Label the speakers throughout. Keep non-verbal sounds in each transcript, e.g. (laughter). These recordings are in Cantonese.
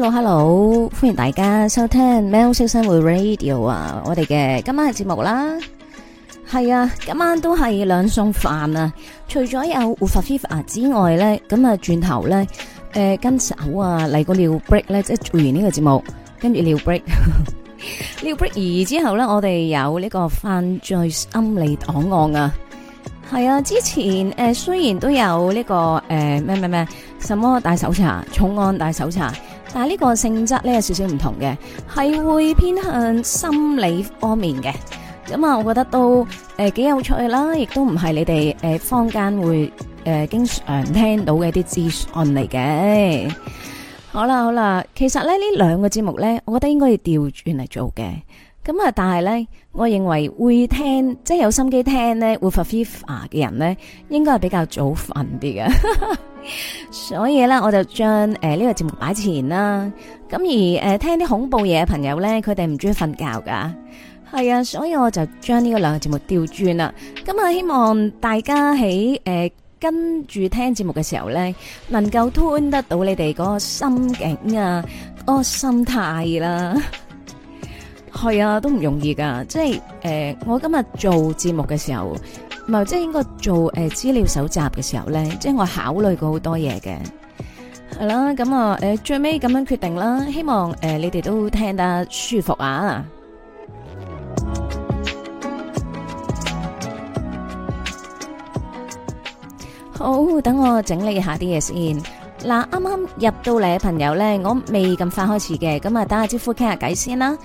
Speaker 1: hello hello，歡迎大家收聽喵式生活 Radio 啊，我哋嘅今晚嘅節目啦，係啊，今晚都係兩餸飯啊，除咗有賣飛佛之外咧，咁啊轉頭咧，誒、呃、跟手啊嚟個尿 break 咧，即係做完呢個節目，跟住尿 break (laughs) 尿 break 而之後咧，我哋有呢個犯罪心理檔案啊，係啊，之前誒、呃、雖然都有呢、這個誒咩咩咩什麼大搜查，重案大搜查。但係呢個性質咧有少少唔同嘅，係會偏向心理方面嘅。咁啊，我覺得都誒、呃、幾有趣啦，亦都唔係你哋誒坊間會誒、呃、經常聽到嘅一啲資訊嚟嘅。好啦好啦，其實咧呢兩個節目咧，我覺得應該要調轉嚟做嘅。咁啊，但係咧，我認為會聽即係有心機聽咧，會發揮啊嘅人咧，應該係比較早瞓啲嘅。所以咧，我就將誒呢個節目擺前啦。咁而誒、呃、聽啲恐怖嘢嘅朋友咧，佢哋唔中意瞓覺噶。係啊，所以我就將呢個兩個節目調轉啦。咁、嗯、啊，希望大家喺誒、呃、跟住聽節目嘅時候咧，能夠吞得到你哋嗰個心境啊，嗰、嗰個心態啦、啊。係啊，都唔容易噶，即係誒、呃，我今日做節目嘅時候，唔係即係應該做誒資、呃、料搜集嘅時候咧，即係我考慮過好多嘢嘅，係啦，咁啊誒、呃、最尾咁樣決定啦，希望誒、呃、你哋都聽得舒服啊！好，等我整理下啲嘢先。嗱，啱啱入到嚟嘅朋友咧，我未咁快開始嘅，咁啊打下招呼傾下偈先啦。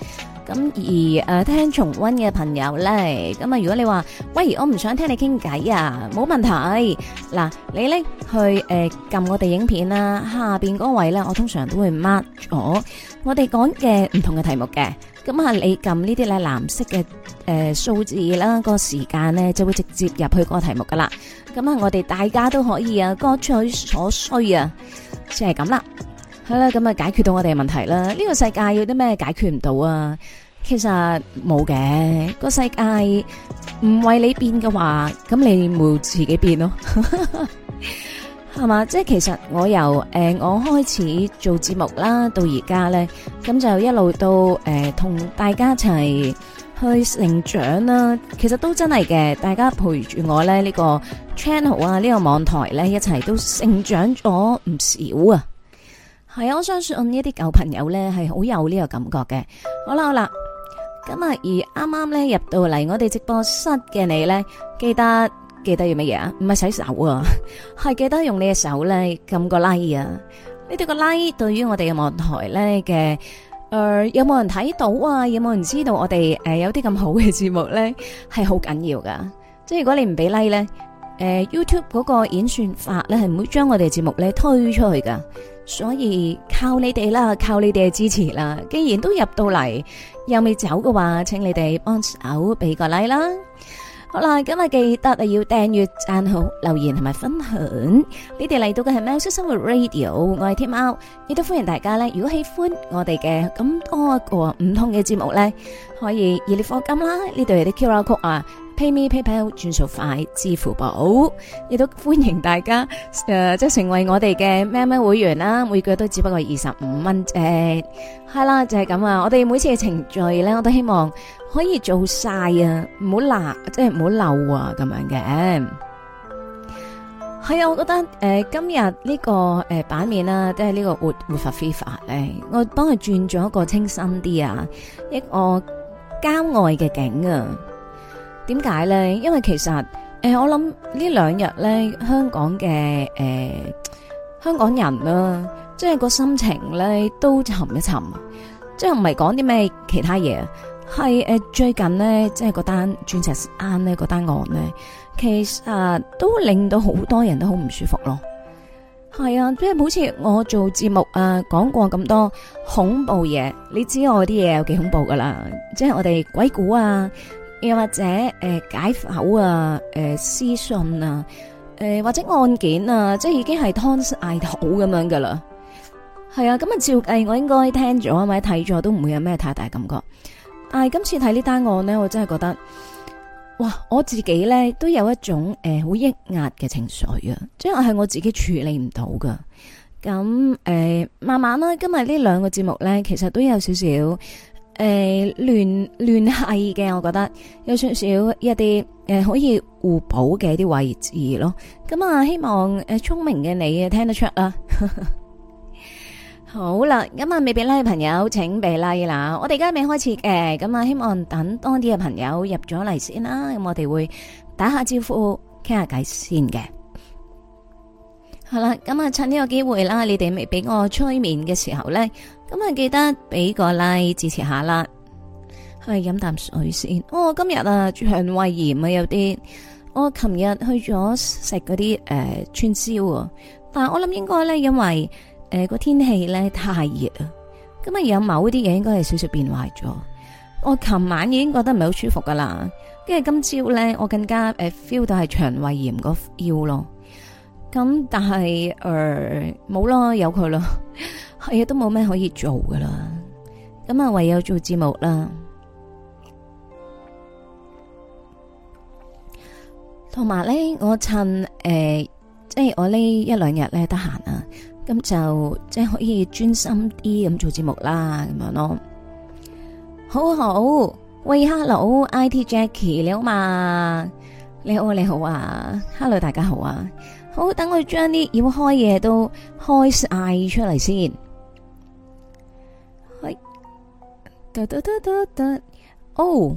Speaker 1: 咁而誒聽重溫嘅朋友咧，咁啊如果你話，喂，我唔想聽你傾偈啊，冇問題。嗱，你咧去誒撳我哋影片啦，下邊嗰位咧，我通常都會 mark 咗我哋講嘅唔同嘅題目嘅。咁啊，你撳呢啲咧藍色嘅誒數字啦，個時間咧就會直接入去嗰個題目噶啦。咁啊，我哋大家都可以啊，各取所需啊，即係咁啦。係啦，咁啊，解決到我哋嘅問題啦。呢、這個世界有啲咩解決唔到啊？其實冇嘅，個世界唔為你變嘅話，咁你冇自己變咯，係 (laughs) 嘛？即係其實我由誒、呃、我開始做節目啦，到而家咧，咁就一路到誒同大家一齊去成長啦。其實都真係嘅，大家陪住我咧呢、這個 channel 啊，呢、這個網台咧一齊都成長咗唔少啊。係啊！我相信呢一啲舊朋友咧，係好有呢個感覺嘅。好啦，好啦，咁啊，而啱啱咧入到嚟我哋直播室嘅你咧，記得記得要乜嘢啊？唔係洗手啊，係 (laughs) 記得用你嘅手咧撳個拉、like、啊！Like、對呢對個拉對於我哋嘅網台咧嘅誒，有冇人睇到啊？有冇人知道我哋誒、呃、有啲咁好嘅節目咧？係好緊要噶。即係如果你唔俾拉呢咧，誒、呃、YouTube 嗰個演算法咧係唔會將我哋節目咧推出去噶。所以靠你哋啦，靠你哋嘅支持啦。既然都入到嚟，又未走嘅話，請你哋幫手俾個 like 啦。好啦，今日記得要訂閱、讚好、留言同埋分享。你哋嚟到嘅係《喵式生活 Radio》，我係天喵，亦都歡迎大家咧。如果喜歡我哋嘅咁多個唔同嘅節目咧，可以熱烈課金啦。呢度有啲 Q R 曲啊。PayMe、PayPal 轉數快，支付寶亦都歡迎大家，誒、呃，即係成為我哋嘅咩咩會員啦，每個月都只不過二十五蚊啫，係啦，就係、是、咁啊！我哋每次嘅程序咧，我都希望可以做晒啊，唔好漏，即係唔好漏啊咁樣嘅。係啊，我覺得誒、呃，今日呢、這個誒、呃、版面啦、啊，即係呢個活活法非法咧，我幫佢轉咗一個清新啲啊，一個郊外嘅景啊。點解咧？因為其實誒、呃，我諗呢兩日咧，香港嘅誒、呃、香港人啦、啊，即係個心情咧都沉一沉，即係唔係講啲咩其他嘢，係誒、呃、最近咧，即係嗰單鑽石案咧，嗰單案咧，其實、啊、都令到好多人都好唔舒服咯。係啊，即係好似我做節目啊，講過咁多恐怖嘢，你知我啲嘢有幾恐怖噶啦，即係我哋鬼故啊。又或者誒、呃、解剖啊，誒、呃、屍訊啊，誒、呃、或者案件啊，即係已經係湯艾肚咁樣噶啦。係啊，咁啊照計我應該聽咗或者睇咗都唔會有咩太大感覺。但係今次睇呢單案咧，我真係覺得，哇！我自己咧都有一種誒好、呃、抑壓嘅情緒啊，即係係我自己處理唔到噶。咁誒、呃，慢慢啦，今日呢兩個節目咧，其實都有少少。誒、呃，聯聯繫嘅，我覺得有少少一啲誒，可、呃、以互補嘅一啲位置咯。咁、嗯、啊，希望誒聰明嘅你聽得出啦。 (laughs) 好啦，咁、嗯、啊，未俾拉嘅朋友，請俾拉、like、啦。我哋而家未開始嘅，咁、嗯、啊，希望等多啲嘅朋友入咗嚟先啦。咁、嗯、我哋會打一下招呼，傾下偈先嘅。好啦，咁、嗯、啊，趁呢個機會啦，你哋未俾我催眠嘅時候咧。咁啊，記得俾個 like 支持下啦。去飲啖水先。我、哦、今日啊，腸胃炎啊，有啲。我琴日去咗食嗰啲誒，串燒啊。但係我諗應該咧，因為誒個、呃、天氣咧太熱啊。咁啊，有某啲嘢應該係少少變壞咗。我琴晚已經覺得唔係好舒服噶啦，跟住今朝咧，我更加誒 feel 到係腸胃炎個腰咯。咁但係誒，冇、呃、啦，有佢啦。係啊，都冇咩可以做噶啦，咁啊唯有做節目啦。同埋咧，我趁誒，即係我呢一兩日咧得閒啊，咁就即係可以專心啲咁做節目啦，咁樣咯。好好，喂，hello，IT Jackie 你好嘛？你好，你好啊，hello，大家好啊。好，等我將啲要開嘢都開晒出嚟先。哦，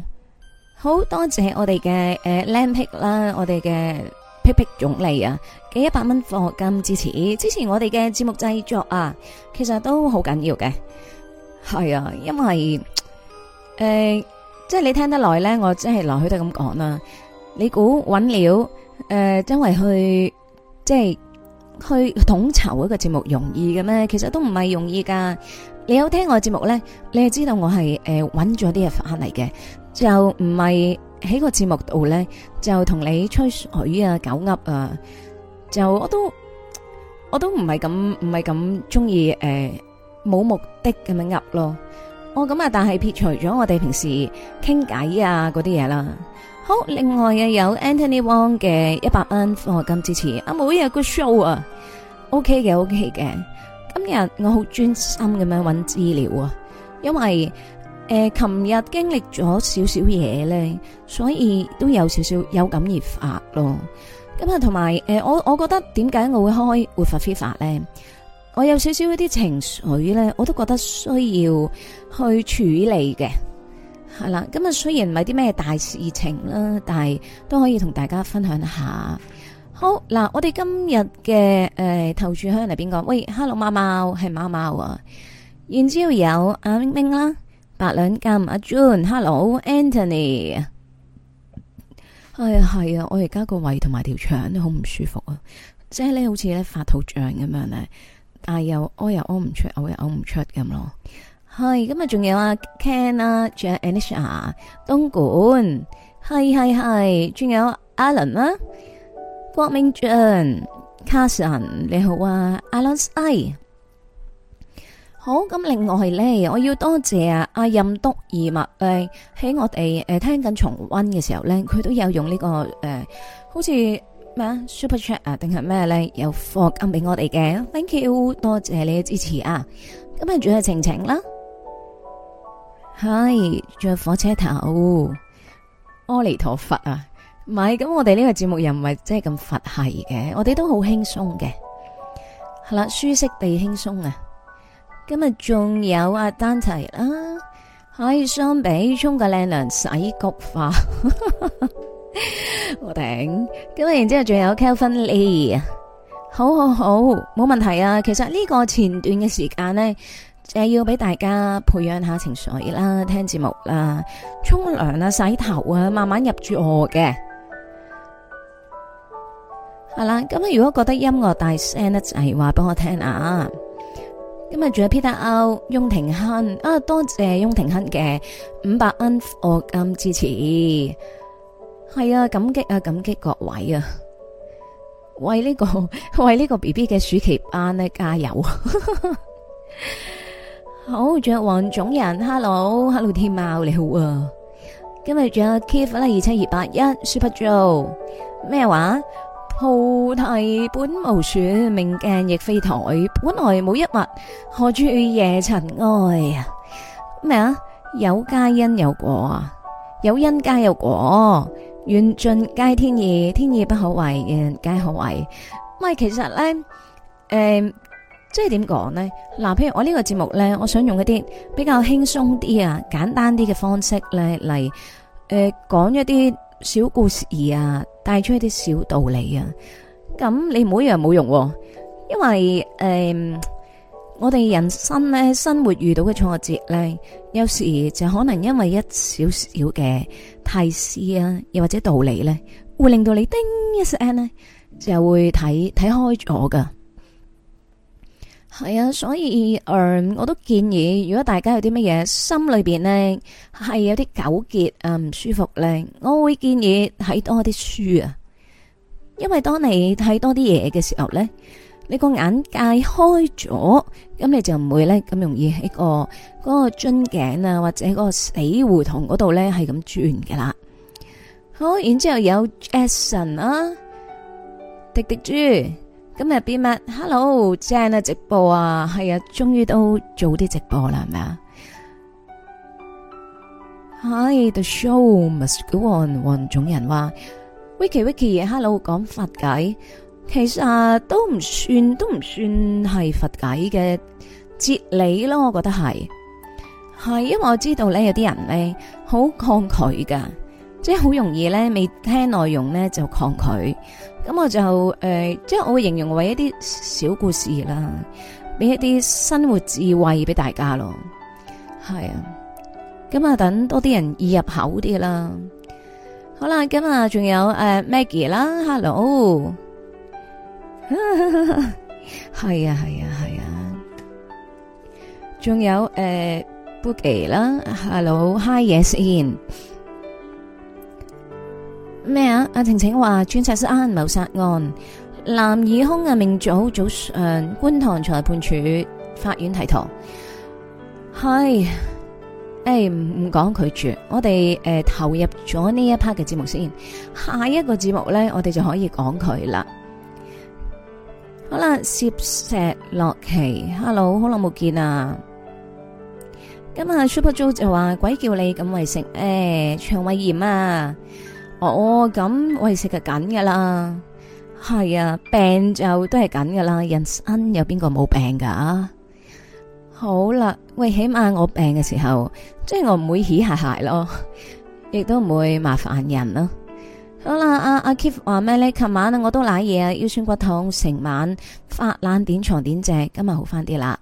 Speaker 1: 好多謝我哋嘅誒靚皮啦，我哋嘅皮皮總理啊幾一百蚊課金支持，支持我哋嘅節目製作啊，其實都好緊要嘅。係啊，因為誒、呃，即係你聽得耐咧，我真係來去都咁講啦。你估揾料誒，因、呃、為去即係去統籌一個節目容易嘅咩？其實都唔係容易噶。你有聽我的節目咧，你係知道我係誒揾咗啲嘢翻嚟嘅，就唔係喺個節目度咧，就同你吹水啊、狗噏啊，就我都我都唔係咁唔係咁中意誒，冇、呃、目的咁樣噏咯。哦、我咁啊，但係撇除咗我哋平時傾偈啊嗰啲嘢啦。好，另外啊，有 Anthony Wong 嘅一百蚊賀金支持啊，每日個 show 啊，OK 嘅，OK 嘅。今日我好專心咁樣揾資料啊，因為誒，琴、呃、日經歷咗少少嘢咧，所以都有少少有感而發咯。今日同埋誒，我我覺得點解我會開賣飛佛咧？我有少少一啲情緒咧，我都覺得需要去處理嘅，係啦。今、嗯、日雖然唔係啲咩大事情啦，但係都可以同大家分享下。好嗱，我哋今日嘅誒頭柱香係邊個？喂，Hello，貓貓係貓貓啊。然之後有阿冰冰啦，白兩金阿 June，Hello，Anthony。係啊係啊，我而家個胃同埋條腸都好唔舒服啊，即係咧好似咧發肚脹咁樣咧，但係又屙又屙唔出，嘔又嘔唔出咁咯。係、啊，咁啊仲有阿 Ken 啊仲有 Anisha 東莞，係係係，仲、啊啊、有 Alan 啦、啊。郭明俊、卡神你好啊，a 阿洛斯 I 好咁，另外咧我要多謝阿、啊、任督二脈，誒喺我哋誒、呃、聽緊重溫嘅時候咧，佢都有用呢、這個誒、呃，好似咩啊 Super Chat 啊，定係咩咧有課金俾我哋嘅，Thank you，多謝你嘅支持啊，咁日仲有晴晴啦，係仲有火車頭，阿彌陀佛啊！唔係，咁我哋呢個節目又唔係真係咁佛系嘅，我哋都好輕鬆嘅，係啦，舒適地輕鬆啊！今日仲有阿丹齊啦，可以相比沖個靚涼、洗菊花， (laughs) 我頂！今日然之後仲有 Kelvin Lee，好好好，冇問題啊！其實呢個前段嘅時間呢，就要俾大家培養下情緒啦、啊，聽節目啦、啊，沖涼啊，洗頭啊，慢慢入住我嘅。係啦，咁啊！如果覺得音樂大聲一齊話，俾我聽啊。今日仲有 Peter 歐翁庭亨啊，多謝翁庭亨嘅五百蚊，我暗支持係啊，感激啊，感激各位啊，為呢、這個為呢個 B B 嘅暑期班咧加油。 (laughs) 好，仲有黃種人，Hello，Hello Hello, Hello, 天貓你好啊。今日仲有 Keith 啦、啊，二七二八一 Super Joe 咩話、啊？菩提本無樹,明鏡亦非台,本來,冇一物,何處惹塵埃？咩呀？有皆因有果啊，有因皆有果，緣盡皆天意，天意不可為嘅，皆可為。唔係，其實呢，呃，即係點講呢？嗱，譬如我呢個節目呢，我想用一啲比較輕鬆啲呀、簡單啲嘅方式呢嚟，呃，講一啲。小故事啊，帶出一啲小道理啊。咁你唔好以為冇用喎、啊，因為誒、呃，我哋人生咧，生活遇到嘅挫折咧，有時就可能因為一少少嘅提示啊，又或者道理咧，會令到你叮一聲咧，就會睇睇開咗噶。係啊，所以，嗯，我都建議，如果大家有啲乜嘢心裏邊呢係有啲糾結啊，唔舒服咧，我會建議睇多啲書啊。因為當你睇多啲嘢嘅時候咧，你個眼界開咗，咁你就唔會咧咁容易喺個嗰個樽頸啊或者個死胡同嗰度咧係咁轉噶啦。好，然之後有 Jason 啊，滴滴豬。今日變乜？Hello，正啊，直播啊，係啊，終於都做啲直播啦，係咪啊？Hi，The Show Must Go On，黃種人話，Wiki Wiki，Hello，講佛偈，其實、啊、都唔算，都唔算係佛偈嘅哲理咯，我覺得係，係因為我知道咧，有啲人咧好抗拒㗎。即係好容易咧，未聽內容咧就抗拒。咁我就誒、呃，即係我會形容為一啲小故事啦，俾一啲生活智慧俾大家咯。係啊，咁啊等多啲人易入口啲啦。好啦，咁、呃、 (laughs) 啊，仲有誒 Maggie 啦，Hello，係啊係啊係啊，仲、啊、有誒、呃、Boogie 啦，Hello，Hi，Yes，In。Hello Hi, yes, in. 咩啊？阿晴晴話專殺案謀殺案，藍耳空啊，明早早上觀塘裁判處法院提堂。係誒，唔講拒絕，我哋誒、呃、投入咗呢一 part 嘅節目先。下一個節目咧，我哋就可以講佢啦。好啦，涉石洛奇，hello，好耐冇見啊！今日 Super Joe 就話鬼叫你咁為食，誒、欸，腸胃炎啊！哦，咁、哦、我哋食就緊噶啦，係啊，病就都係緊噶啦。人生有邊個冇病噶、啊？好啦，喂，起碼我病嘅時候，即係我唔會起下鞋咯，亦都唔會麻煩人咯。好啦，阿阿 Keith 話咩咧？琴、啊、晚我都瀨嘢啊，腰酸骨痛成晚，發冷點床點席，今日好翻啲啦。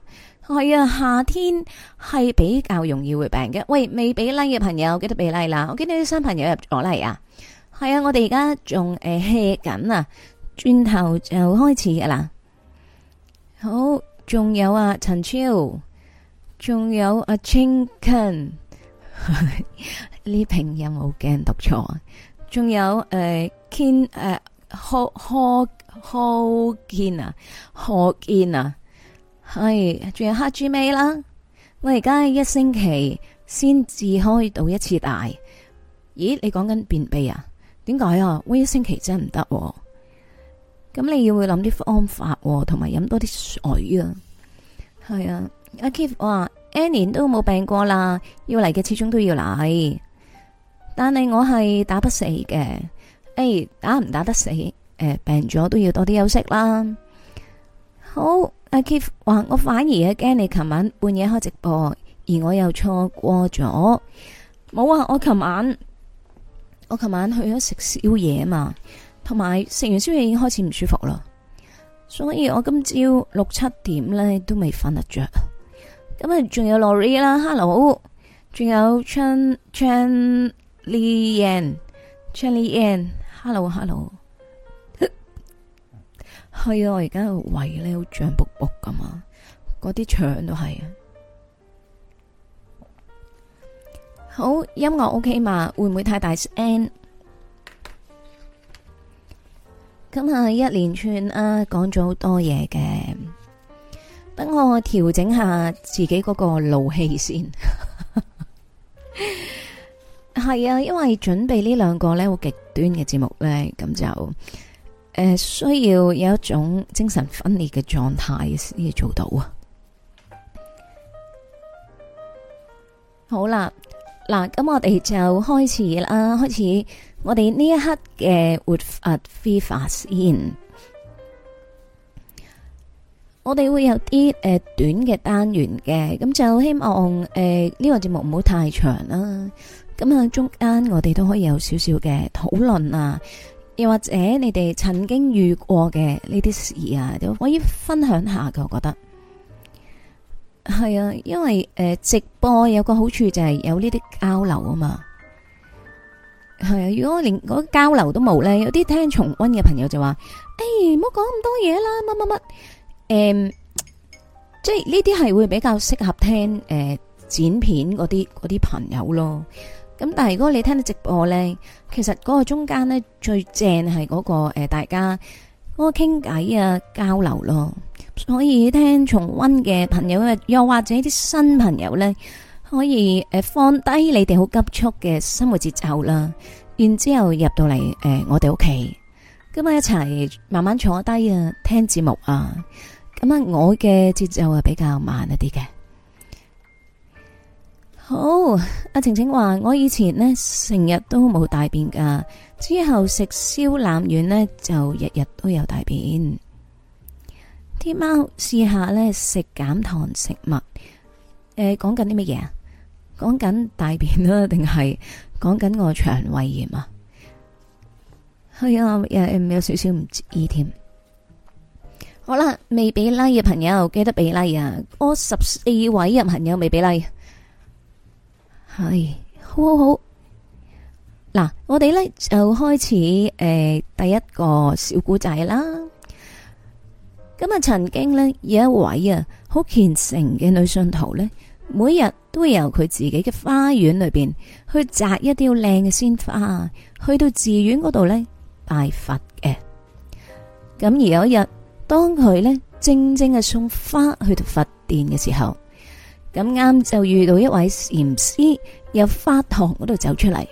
Speaker 1: 係啊，夏天係比較容易會病嘅。喂，未俾 like 嘅朋友記得俾 like 啦。我見到啲新朋友入咗嚟啊！係啊，我哋而家仲，誒 hea 緊啊，轉頭就開始噶啦。好，仲有啊陳超，仲有啊 Chinken 呢，拼音我驚讀錯，仲 (laughs) 有誒 King 誒 Ho Ho Ho 堅啊 Ho 堅啊，係仲 笑 particular module 有黑豬尾啦。我而家一星期先至開到一次大。咦，你講緊便秘啊？點解啊？溫一星期真係唔得，啊，咁你要會諗啲方法，啊，同埋飲多啲水啊！係啊，阿 Keith 話，any 年都冇病過啦，要嚟嘅始終都要嚟，但係我係打不死嘅。誒，欸，打唔打得死？誒，呃，病咗都要多啲休息啦。好，阿 Keith 話，我反而啊驚你琴晚半夜開直播，而我又錯過咗。冇啊，我琴晚。我琴晚去咗食宵夜啊嘛，同埋食完宵夜已經開始唔舒服啦，所以我今朝六七點咧都未瞓得着。咁啊，仲有 Lori 啦，Hello，仲有 Chan Chan Lian，Chan Lian，Hello，Hello。 (laughs) 係啊，我而家個胃咧好脹卜卜咁啊，嗰啲腸都係啊。好，音樂 OK 嘛？會唔會太大聲？今日一連串啊，講咗好多嘢嘅，等我調整下自己嗰個怒氣先。係 (laughs) 啊，因為準備呢兩個呢好極端嘅節目呢，咁就誒、呃、需要有一種精神分裂嘅狀態先至做到啊。好啦。嗱，咁我哋就開始啦，開始我哋呢一刻嘅賣飛佛先，我哋會有啲誒、呃、短嘅單元嘅，咁就希望誒呢、呃這個節目唔好太長啦。咁啊，中間我哋都可以有少少嘅討論啊，又或者你哋曾經遇過嘅呢啲事啊，都可以分享下㗎，我覺得。係啊，因為誒直播有個好處就係有呢啲交流啊嘛。係啊，如果連嗰交流都冇咧，有啲聽重溫嘅朋友就話：誒，唔好講咁多嘢啦，乜乜乜。誒，即係呢啲係會比較適合聽誒剪片嗰啲嗰啲朋友咯。咁但係如果你聽到直播咧，其實嗰個中間咧最正係嗰個誒大家嗰個傾偈啊交流咯。可以聽重溫嘅朋友啊，又或者啲新朋友呢，可以誒放低你哋好急促嘅生活節奏啦，然之後入到嚟誒我哋屋企，咁啊一齊慢慢坐低啊聽節目啊，咁啊我嘅節奏係比較慢一啲嘅。好，阿晴晴話我以前呢成日都冇大便噶，之後食燒腩丸呢，就日日都有大便。啲貓試下呢，食減糖食物，誒、欸，講緊啲乜嘢啊？講緊大便啦，定係講緊我腸胃炎啊？係、哎、啊，有少少唔知添。好啦，未俾拉嘅朋友記得俾拉啊！我十四位入朋友未俾拉，係，好好好。嗱，我哋呢，就開始誒、呃、第一個小故仔啦。咁啊，曾經呢有一位啊，好虔誠嘅女信徒呢，每日都會由佢自己嘅花園裏邊去摘一啲靚嘅鮮花，去到寺院嗰度呢拜佛嘅。咁而有一日，當佢呢正正嘅送花去到佛殿嘅時候，咁啱就遇到一位禪師由花堂嗰度走出嚟。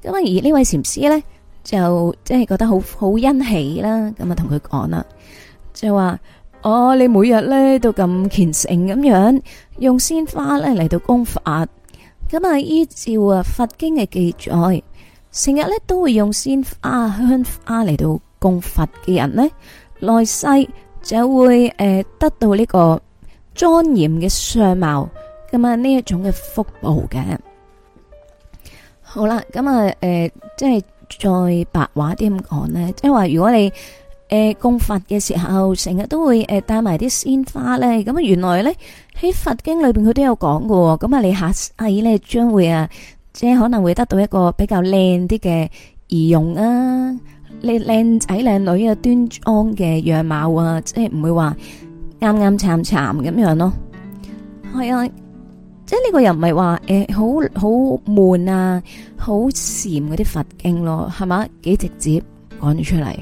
Speaker 1: 咁而呢位禪師呢，就即係覺得好好欣喜啦，咁啊同佢講啦。就話、是，哦，你每日咧都咁虔誠咁樣用鮮花咧嚟到供佛，咁啊依照啊佛經嘅記載，成日咧都會用鮮花、香花嚟到供佛嘅人呢來世就會誒得到呢個莊嚴嘅相貌，咁啊呢一種嘅福報嘅。好啦，咁啊誒，即係再白話啲咁講呢，即係話如果你。誒，供佛嘅時候成日都會誒帶埋啲鮮花咧，咁啊原來咧喺佛經裏邊佢都有講過，咁、嗯、啊你下世咧將會啊，即係可能會得到一個比較靚啲嘅儀容啊，靚靚仔靚女啊，端莊嘅樣貌啊，即係唔會話啱啱慘慘咁樣咯，係、嗯、啊，即係呢個又唔係話誒好好悶啊，好禪嗰啲佛經咯，係嘛，幾直接講咗出嚟。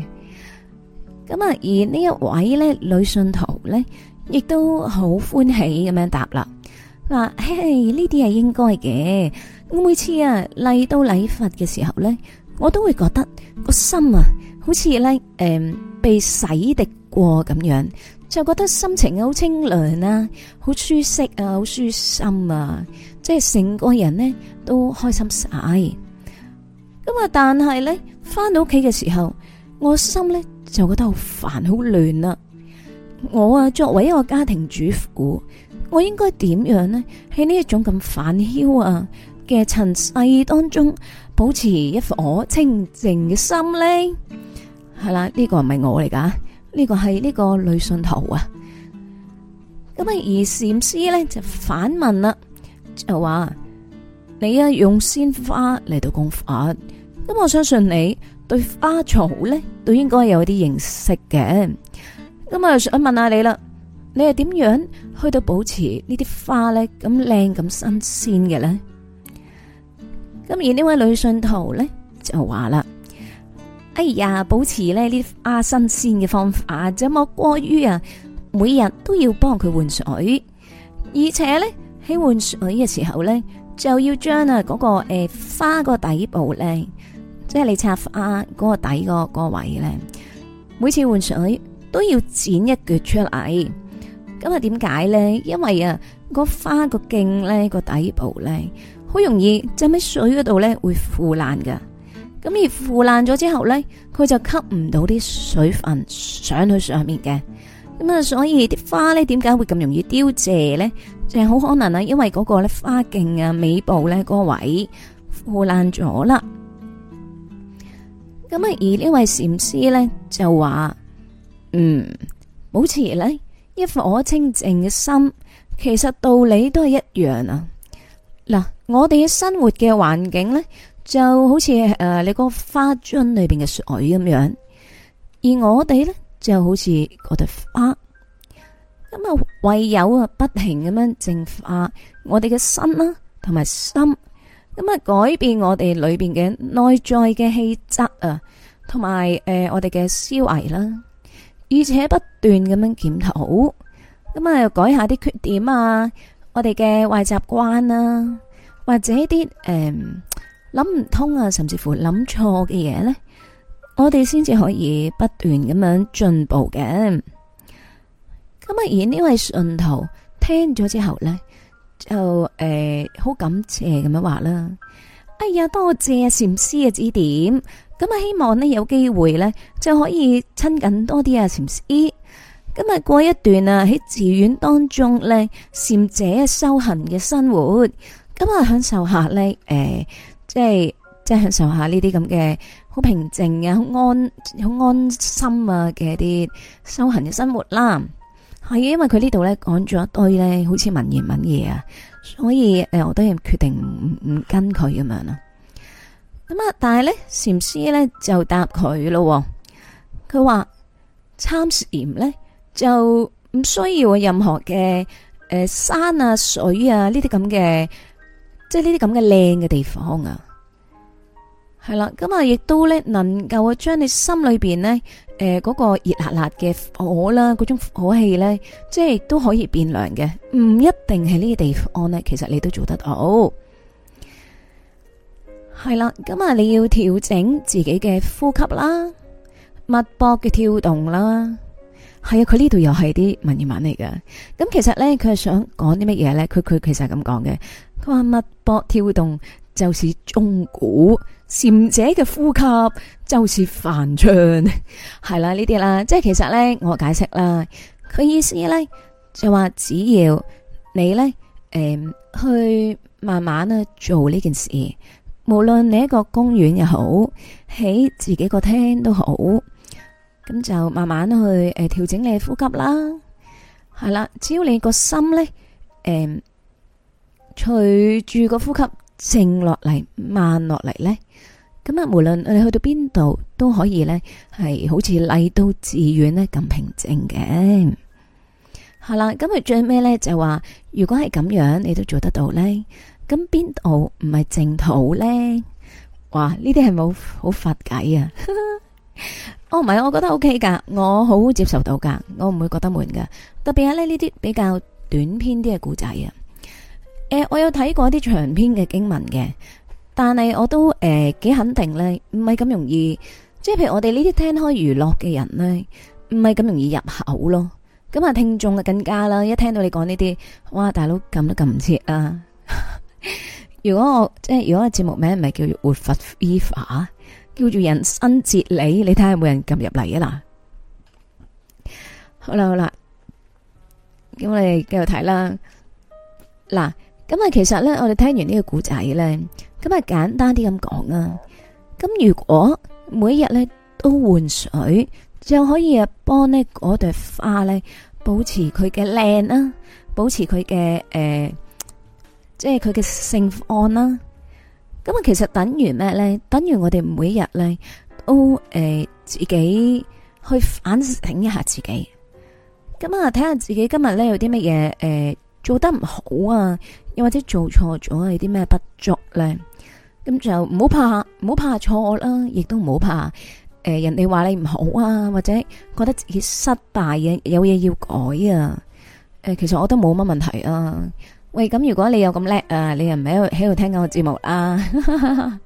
Speaker 1: 咁啊，而呢一位咧女信徒咧，亦都好歡喜咁樣答啦。嗱，嘿，呢啲係應該嘅。我每次啊嚟到禮佛嘅時候咧，我都會覺得個心啊，好似咧誒被洗滌過咁樣，就覺得心情好清涼啊，好舒適啊，好舒心啊，即係成個人呢都開心晒。咁啊，但係咧翻到屋企嘅時候，我心咧。就覺得好煩、好亂啦、啊。我啊，作為一個家庭主婦，我應該點樣呢？喺呢一種咁煩囂啊嘅塵世當中，保持一顆清淨嘅心呢？係、嗯、啦，呢、這個唔係我嚟噶，呢、這個係呢個女信徒啊。咁啊，而禪師呢，就反問啦，就話你啊用鮮花嚟到供佛，咁我相信你，對花草咧都應該有啲認識嘅，咁、嗯、啊想問下你啦,你係點樣去到保持這些呢啲花咧咁靚咁新鮮嘅咧？咁而呢位女信徒咧就話啦：，哎呀,保持咧呢啲花新鮮嘅方法就冇過於啊,每日都要幫佢換水,而且咧喺換水嘅時候咧就要將啊、那、嗰個誒、呃、花個底部咧。即係你插花嗰個底個、嗰個位咧，每次換水都要剪一截出嚟。咁啊，點解咧？因為啊，個花個莖咧個底部咧，好容易浸喺水嗰度咧會腐爛噶。咁而腐爛咗之後咧，佢就吸唔到啲水分上去上面嘅。咁、咪、啊，所以啲花咧點解會咁容易凋謝咧？就係好可能啊，因為嗰個咧花莖啊尾部咧個位腐爛咗啦。咁啊，而呢位禪師咧就話：嗯，好似咧，一顆清淨嘅心，其實道理都係一樣啊。嗱，我哋嘅生活嘅環境咧，就好似誒、呃、你個花樽裏邊嘅水咁樣，而我哋咧就好似嗰朵花，咁、嗯、啊，唯有啊不停咁樣淨化我哋嘅身啦，同埋心。咁啊，改變我哋裏邊嘅內在嘅氣質啊，同埋誒我哋嘅思維啦，而且不斷咁樣檢討，咁啊又改下啲缺點啊，我哋嘅壞習慣啊，或者啲誒諗唔通啊，甚至乎諗錯嘅嘢呢，我哋先至可以不斷咁樣進步嘅。咁啊，而呢位信徒聽咗之後呢？就誒，好感謝咁樣話啦。哎呀，多謝啊禪師嘅指點，咁啊希望呢有機會呢，就可以親近多啲啊禪師。今日過一段啊，喺寺院當中呢，禪者修行嘅生活，咁啊享受下呢，誒，即係即係享受下呢啲咁嘅好平靜啊，好安好安心啊嘅一啲修行嘅生活啦。係，因為佢呢度咧講咗一堆咧，好似文言文嘢啊，所以誒，我都要決定唔唔跟佢咁樣啦。咁啊，但係咧，禪師咧就答佢咯。佢話參禪咧就唔需要任何嘅誒、呃、山啊水啊呢啲咁嘅，即係呢啲咁嘅靚嘅地方啊。係啦，咁啊亦都咧能夠啊將你心裏邊咧。誒、呃，嗰、那個熱辣辣嘅火啦，嗰種火氣咧，即係都可以變涼嘅，唔一定係呢啲地方咧。其實你都做得到，係啦。咁啊，你要調整自己嘅呼吸啦，脈搏嘅跳動啦。係啊，佢呢度又係啲文言文嚟㗎。咁其實咧，佢係想講啲乜嘢咧？佢佢其實係咁講嘅。佢話脈搏跳動就是鐘鼓。禪者嘅呼吸就是泛唱，係啦呢啲啦，即係其實咧，我解釋啦，佢意思咧就話只要你咧，誒去慢慢去做呢件事，無論你一個公園又好，喺自己個廳都好，咁就慢慢去誒調整你嘅呼吸啦，係啦，只要你個心咧，誒隨住個呼吸。靜落嚟，慢落嚟呢。咁啊，無論你去到邊度都可以呢，係好似嚟到寺院靜呢咁平靜嘅，係啦。咁佢最尾呢就話，如果係咁樣，你都做得到呢。咁邊度唔係淨土呢？哇，呢啲係冇好佛偈啊！ (laughs) 哦，唔係，我覺得 OK 噶，我好接受到噶，我唔會覺得悶噶，特別係呢啲比較短篇啲嘅古仔啊。誒、呃，我有睇過啲長篇嘅經文嘅，但係我都誒幾肯定咧，唔係咁容易。即係譬如我哋呢啲聽開娛樂嘅人咧，唔係咁容易入口咯。咁、嗯、啊，聽眾啊更加啦，一聽到你講呢啲，哇，大佬撳都撳唔切啊！如果我即係如果個節目名唔係叫做賣飛佛 My Favourite，叫做「人生哲理」，你睇下有冇人撳入嚟啊？嗱，好啦好啦，咁我哋繼續睇啦，嗱。咁啊，其實咧，我哋聽完呢個故仔咧，咁啊，簡單啲咁講啊。咁如果每日咧都換水，就可以啊幫呢嗰朵花咧保持佢嘅靚啦，保持佢嘅誒，即係佢嘅盛放啦。咁啊，其實等於咩咧？等於我哋每日咧都誒、呃、自己去反省一下自己。咁啊，睇下自己今日咧有啲乜嘢誒。呃做得唔好啊，又或者做錯咗，有啲咩不足咧，咁就唔好怕，唔好怕錯啦，亦都唔好怕，誒、呃、人哋話你唔好啊，或者覺得自己失敗嘅，有嘢要改啊，誒、呃、其實我都冇乜問題啊。喂，咁如果你有咁叻啊，你又唔喺度喺度聽緊我節目啦，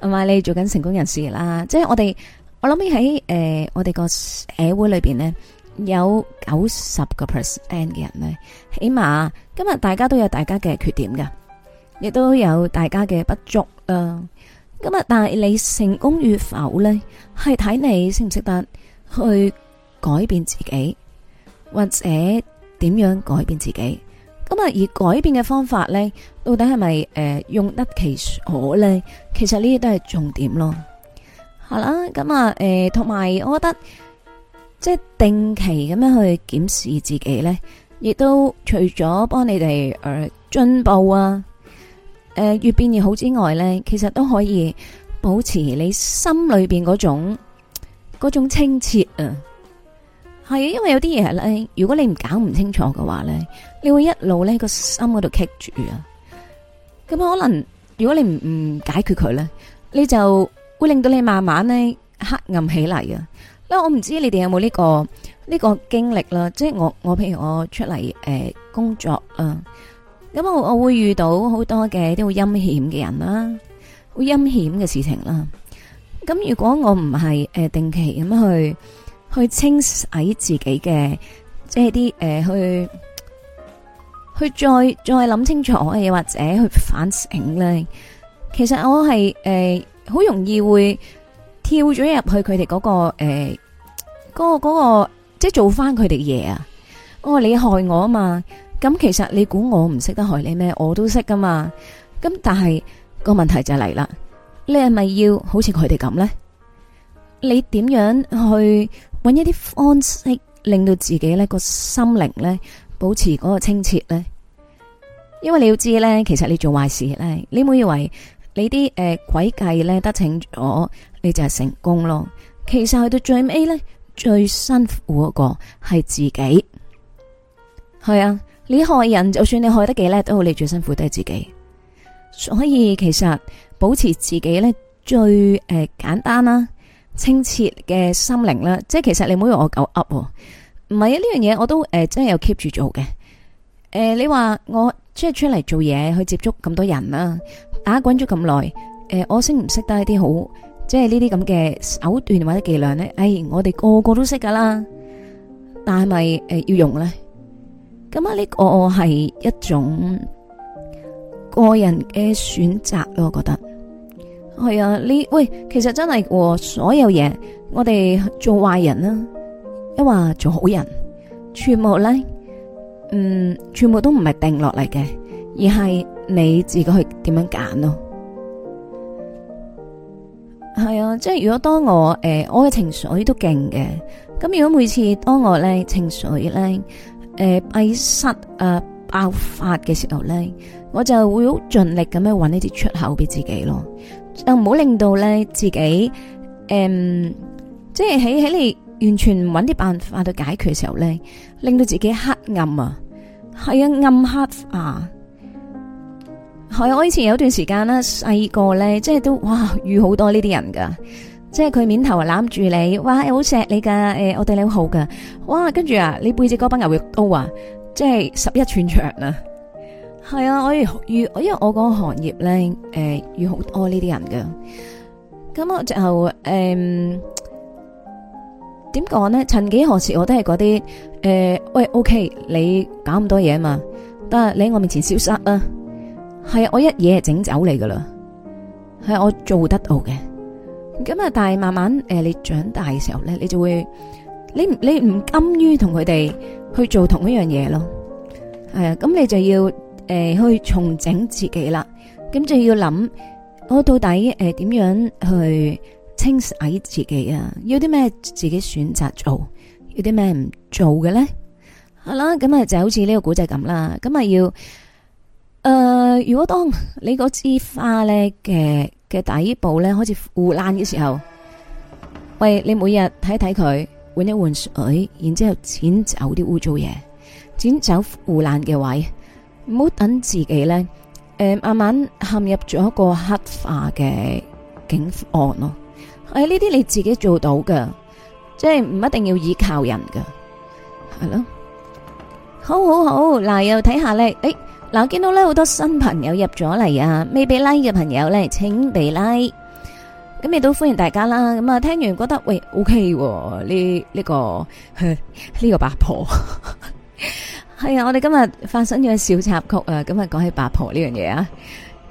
Speaker 1: 同 (laughs) 埋你做緊成功人士啦，即係我哋，我諗起喺誒我哋個社會裏邊咧。有九十個 percent 嘅人咧，起碼今日大家都有大家嘅缺點噶，亦都有大家嘅不足啊。咁啊，但係你成功與否咧，係睇你識唔識得去改變自己，或者點樣改變自己。咁啊，而改變嘅方法咧，到底係咪誒用得其所咧？其實呢啲都係重點咯。好啦，咁啊，誒，同埋我覺得。即係定期咁樣去檢視自己咧，亦都除咗幫你哋誒進步啊，誒越變越好之外咧，其實都可以保持你心裏邊嗰種嗰種清澈啊。係啊，因為有啲嘢咧，如果你唔搞唔清楚嘅話咧，你會一路咧個心嗰度棘住啊。咁可能如果你唔唔解決佢咧，你就會令到你慢慢咧黑暗起嚟啊。因為我唔知你哋有冇呢個呢個經歷啦，即係我我譬如我出嚟誒工作啦，咁我我會遇到好多嘅啲好陰險嘅人啦，好陰險嘅事情啦。咁如果我唔係誒定期咁去去清洗自己嘅，即係啲誒去去再再諗清楚嘅嘢，或者去反省咧。其實我係誒好容易會。跳咗入去佢哋嗰個誒，欸嗰個、嗰個即係做翻佢哋嘢啊。我、哦、話你害我啊嘛，咁其實你估我唔識得害你咩？我都識噶嘛。咁但係個問題就嚟啦，你係咪要好似佢哋咁呢？你點樣去揾一啲方式令到自己呢個心靈呢保持嗰個清澈呢？因為你要知呢，其實你做壞事呢，你冇以為你啲誒詭計呢得逞咗。你就係成功咯。其實去到最尾咧，最辛苦嗰個係自己。係啊，你害人就算你害得幾叻，都好，你最辛苦都係自己。所以其實保持自己咧最誒、呃、簡單啦、清澈嘅心靈啦。即係其實你唔好以為我夠 up 喎，唔係啊。呢樣嘢我都誒、呃、真係有 keep 住做嘅。誒、呃，你話我即係出嚟做嘢去接觸咁多人啦、啊，打滾咗咁耐，誒、呃，我識唔識得一啲好？即係呢啲咁嘅手段或者伎倆咧，誒、哎，我哋個個都識噶啦，但係咪誒要用咧？咁啊呢個係一種個人嘅選擇咯，我覺得係啊。呢喂，其實真係喎，所有嘢，我哋做壞人啦，抑或做好人，全部咧，嗯，全部都唔係定落嚟嘅，而係你自己去點樣揀咯。係啊，即係如果當我誒、呃、我嘅情緒都勁嘅，咁如果每次當我咧情緒咧誒閉塞啊爆發嘅時候咧，我就會好盡力咁樣搵呢啲出口俾自己咯，就唔好令到咧自己誒、呃、即係喺喺你完全搵啲辦法去解決嘅時候咧，令到自己黑暗啊，係啊暗黑啊。係我以前有段時間咧，細個咧，即係都哇遇好多呢啲人噶，即係佢面頭攬住你，哇好錫你噶，誒我對你好噶，哇跟住啊，你背脊嗰班牛肉刀啊，即係十一寸長啊。係啊，我遇因為我嗰個行業咧，誒、呃、遇好多呢啲人噶。咁我就誒點講咧？曾、呃、幾何時我都係嗰啲誒喂，O、OK, K 你搞咁多嘢嘛，得你喺我面前消失啊。係我一嘢整走嚟噶啦，係我做得到嘅。咁啊，但係慢慢誒，你長大嘅時候咧，你就會，你你唔甘於同佢哋去做同一樣嘢咯。係啊，咁你就要誒去重整自己啦。咁就要諗，我到底誒點樣去清洗自己啊？要啲咩自己選擇做，要啲咩唔做嘅咧？好啦，咁啊就好似呢個古仔咁啦，咁啊要。誒、呃，如果當你嗰枝花咧嘅嘅底部咧，開始腐爛嘅時候，喂，你每日睇睇佢，換一換水，然之後剪走啲污糟嘢，剪走腐爛嘅位，唔好等自己咧誒、呃、慢慢陷入咗一個黑化嘅境岸咯。誒、哎，呢啲你自己做到噶，即係唔一定要依靠人噶，係咯。好，好，好，好，嗱又睇下咧，誒、哎。嗱，見到咧好多新朋友入咗嚟啊，未被拉嘅朋友咧，請被拉、like。咁亦都歡迎大家啦。咁啊，聽完覺得喂，OK，呢呢、這個呢、這個八婆。係 (laughs) 啊，我哋今日發生咗小插曲啊。咁啊，講起八婆呢樣嘢啊。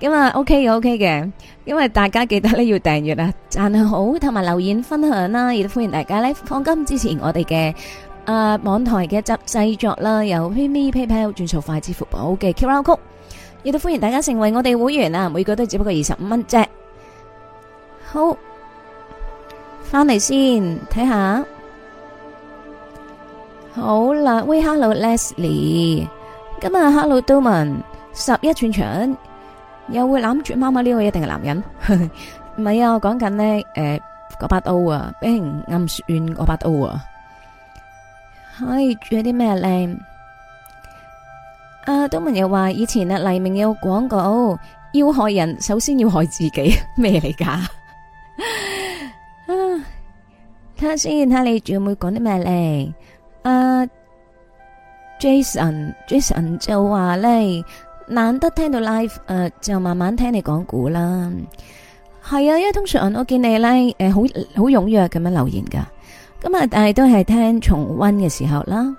Speaker 1: 咁啊，OK 嘅 OK 嘅。因為大家記得呢要訂閱啊，讚好，同埋留言分享啦。亦都歡迎大家咧放心支持我哋嘅。啊！網台嘅一集製作啦，由 PayMe PayPal 轉數快支付寶嘅 QR Code，亦都歡迎大家成為我哋會員啊！每個月都只不過二十五蚊啫，好返嚟先睇下，好啦，喂，Hello Leslie，今日，Hello Doan，十一串長，又會攬住貓貓呢個嘢定係男人？唔係啊，我講緊呢，誒，嗰把刀啊，畀人，暗算嗰把刀啊。係仲有啲咩咧？阿東文又話以前啊黎明有廣告要害人，首先要害自己咩嚟噶？睇下先，睇下你仲有冇講啲咩咧？阿 Jason Jason 就話咧，難得聽到 live，誒就慢慢聽你講古啦。係啊，因為通常我見你咧誒好好踴躍咁樣留言噶。今日但係都係聽重溫嘅時候啦。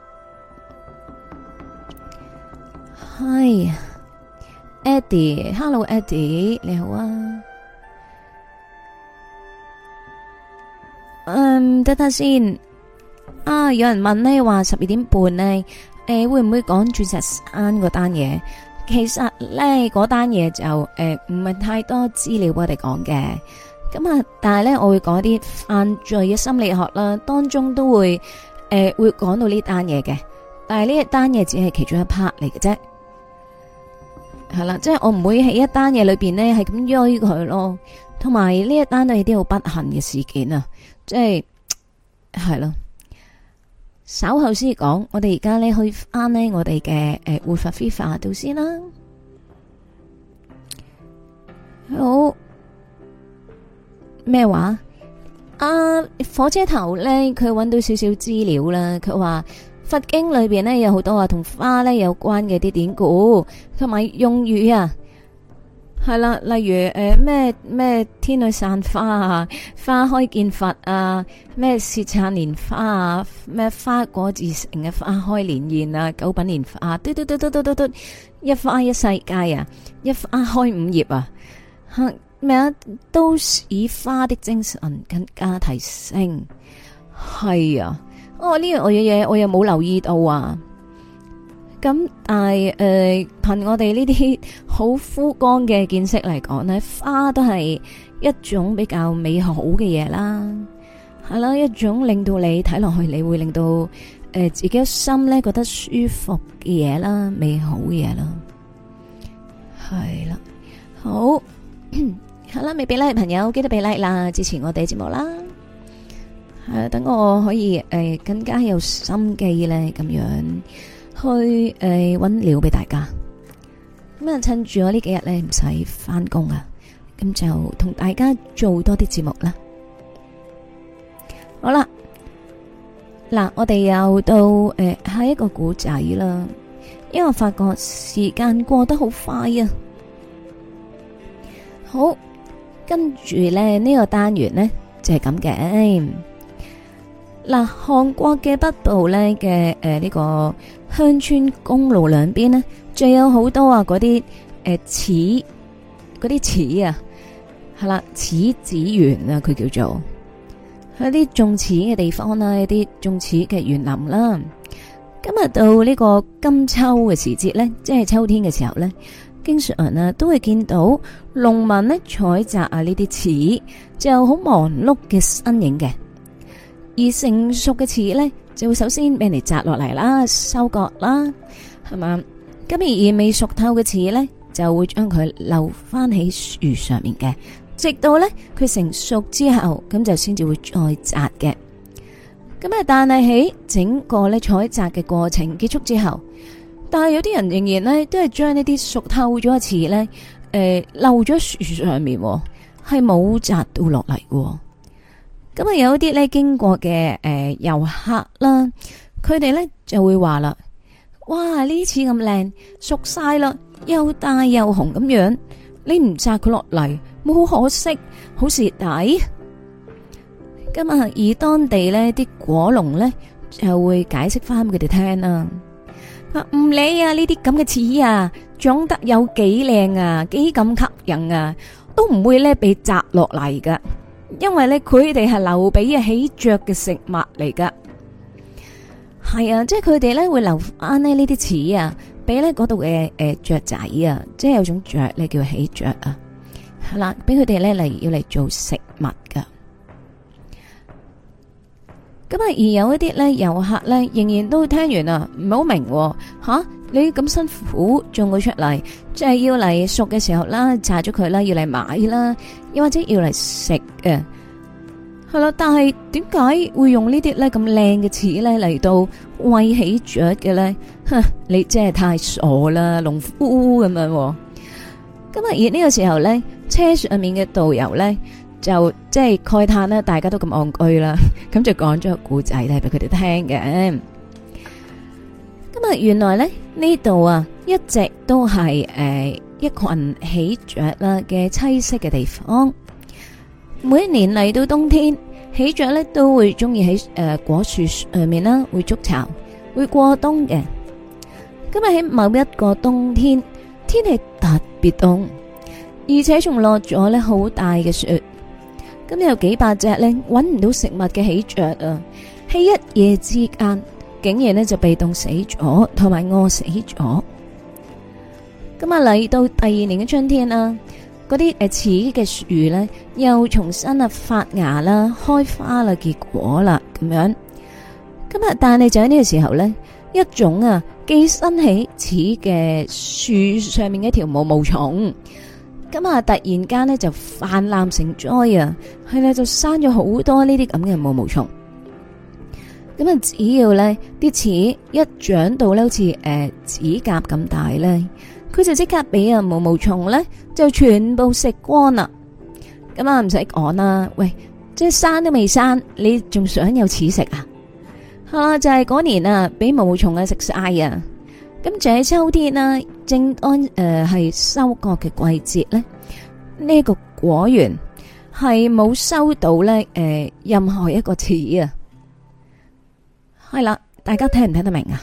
Speaker 1: Hi，Eddie，Hello，Eddie，你好啊。嗯，得得先。啊，有人問呢話十二點半呢誒，會唔會講鑽石山嗰單嘢？其實咧嗰單嘢就誒唔係太多資料我哋講嘅。咁啊，但係咧，我會講啲犯罪嘅心理學啦，當中都會誒、呃、會講到呢單嘢嘅。但係呢一單嘢只係其中一 part 嚟嘅啫，係啦，即係我唔會喺一單嘢裏邊呢係咁冤佢咯。同埋呢一單都係啲好不幸嘅事件啊，即係係咯。稍後先講，我哋而家呢去翻呢，我哋嘅誒賣飛佛度先啦。好。咩話？啊，火車頭咧，佢揾到少少資料啦。佢話佛經裏邊咧有好多啊，同花咧有關嘅啲典故，同埋用語啊。係啦，例如誒咩咩天女散花啊，花開見佛啊，咩舌燦蓮花啊，咩花果自成嘅、啊、花開蓮宴啊，九品蓮花啊，嘟嘟嘟嘟嘟嘟嘟，一花一世界啊，一花開五葉啊，哈咩都以花的精神更加提升，係啊！我呢樣我嘅嘢，這些我又冇留意到啊。咁但係誒、呃，憑我哋呢啲好枯乾嘅見識嚟講咧，花都係一種比較美好嘅嘢啦，係啦、啊，一種令到你睇落去你會令到誒、呃、自己心咧覺得舒服嘅嘢啦，美好嘅嘢啦，係啦、啊，好。 (coughs) 好啦，未俾 like，朋友，記得俾 like 啦。支持我哋嘅節目啦，係等我可以誒更加有心機咧，咁樣去誒搵料俾大家。咁啊，趁住我呢幾日咧唔使返工啊，咁就同大家做多啲節目啦。好啦，嗱，我哋又到誒下一個古仔啦，因為我發覺時間過得好快啊。好。跟住咧呢、這個單元咧就係咁嘅，嗱韓國嘅北部咧嘅誒呢、呃這個鄉村公路兩邊咧，仲有好多啊嗰啲誒柿嗰啲柿啊，係啦柿子園啊，佢叫做一啲種柿嘅地方啦，一啲種柿嘅園林啦。今日到個今呢個金秋嘅時節咧，即係秋天嘅時候咧。經常呢都會見到農民呢採摘啊呢啲柿，就好忙碌嘅身影嘅。而成熟嘅柿呢，就會首先俾你摘落嚟，啦收割啦，係嘛？咁而未熟透嘅柿呢，就會將佢留翻喺樹上面嘅。直到呢佢成熟之後，咁就先至會再摘嘅。咁啊，但係喺整個呢採摘嘅過程結束之後，但係有啲人仍然咧，都係將呢啲熟透咗一次，咧、呃，誒，留咗樹上面，係冇摘到落嚟嘅。咁啊，有啲咧經過嘅誒遊客啦，佢哋咧就會話啦，哇，呢次咁靚，熟晒啦，又大又紅咁樣，你唔摘佢落嚟，好可惜，好蝕底。咁啊，以當地咧啲果農咧就會解釋翻俾佢哋聽啦。唔理啊，呢啲咁嘅柿啊，長得有幾靚啊，幾咁吸引啊，都唔會咧被摘落嚟噶，因為咧佢哋係留俾啊喜鵲嘅食物嚟噶。係啊，即係佢哋咧會留翻咧呢啲柿啊，俾咧度嘅誒雀仔啊，即係有種雀咧叫喜鵲啊，係啦俾佢哋咧嚟要嚟做食物噶。咁啊，而有一啲咧遊客咧仍然都聽完啊，唔好明嚇，你咁辛苦種佢出嚟，即係要嚟熟嘅時候啦，摘咗佢啦，要嚟買啦，又或者要嚟食嘅，係咯。但係點解會用呢啲咧咁靚嘅詞咧嚟到餵起雀嘅咧？哼，你真係太傻啦，農夫咁樣。咁啊，而呢個時候咧，車上面嘅導遊咧。就即係慨嘆咧，大家都咁戇居啦，咁就講咗個故仔咧俾佢哋聽嘅。咁啊，原來咧呢度啊，一直都係誒一群喜鵲啦嘅棲息嘅地方。每一年嚟到冬天，喜鵲咧都會中意喺誒果樹上面啦，會築巢，會過冬嘅。今日喺某一個冬天，天氣特別凍，而且仲落咗咧好大嘅雪。咁有幾百隻咧，搵唔到食物嘅喜鵲啊，喺一夜之間，竟然呢就被凍死咗，同埋餓死咗。咁啊，嚟到第二年嘅春天啦，嗰啲誒似嘅樹咧，又重新啊發芽啦、開花啦、結果啦，咁樣。咁啊，但係就喺呢個時候咧，一種啊寄生喺似嘅樹上面嘅一條毛毛蟲。咁啊，突然間咧就泛濫成災啊，係咧就生咗好多呢啲咁嘅毛毛蟲。咁啊，只要咧啲刺一長到咧好似誒指甲咁大咧，佢就即刻俾啊毛毛蟲咧就全部食光啦。咁啊唔使講啦，喂，即係生都未生，你仲想有刺食啊？啊，就係、係、嗰年啊，俾毛毛蟲啊食晒啊！咁就喺秋天啊，正當誒係收割嘅季節咧，呢個果園係冇收到咧誒任何一個柿啊，係啦，大家聽唔聽得明啊？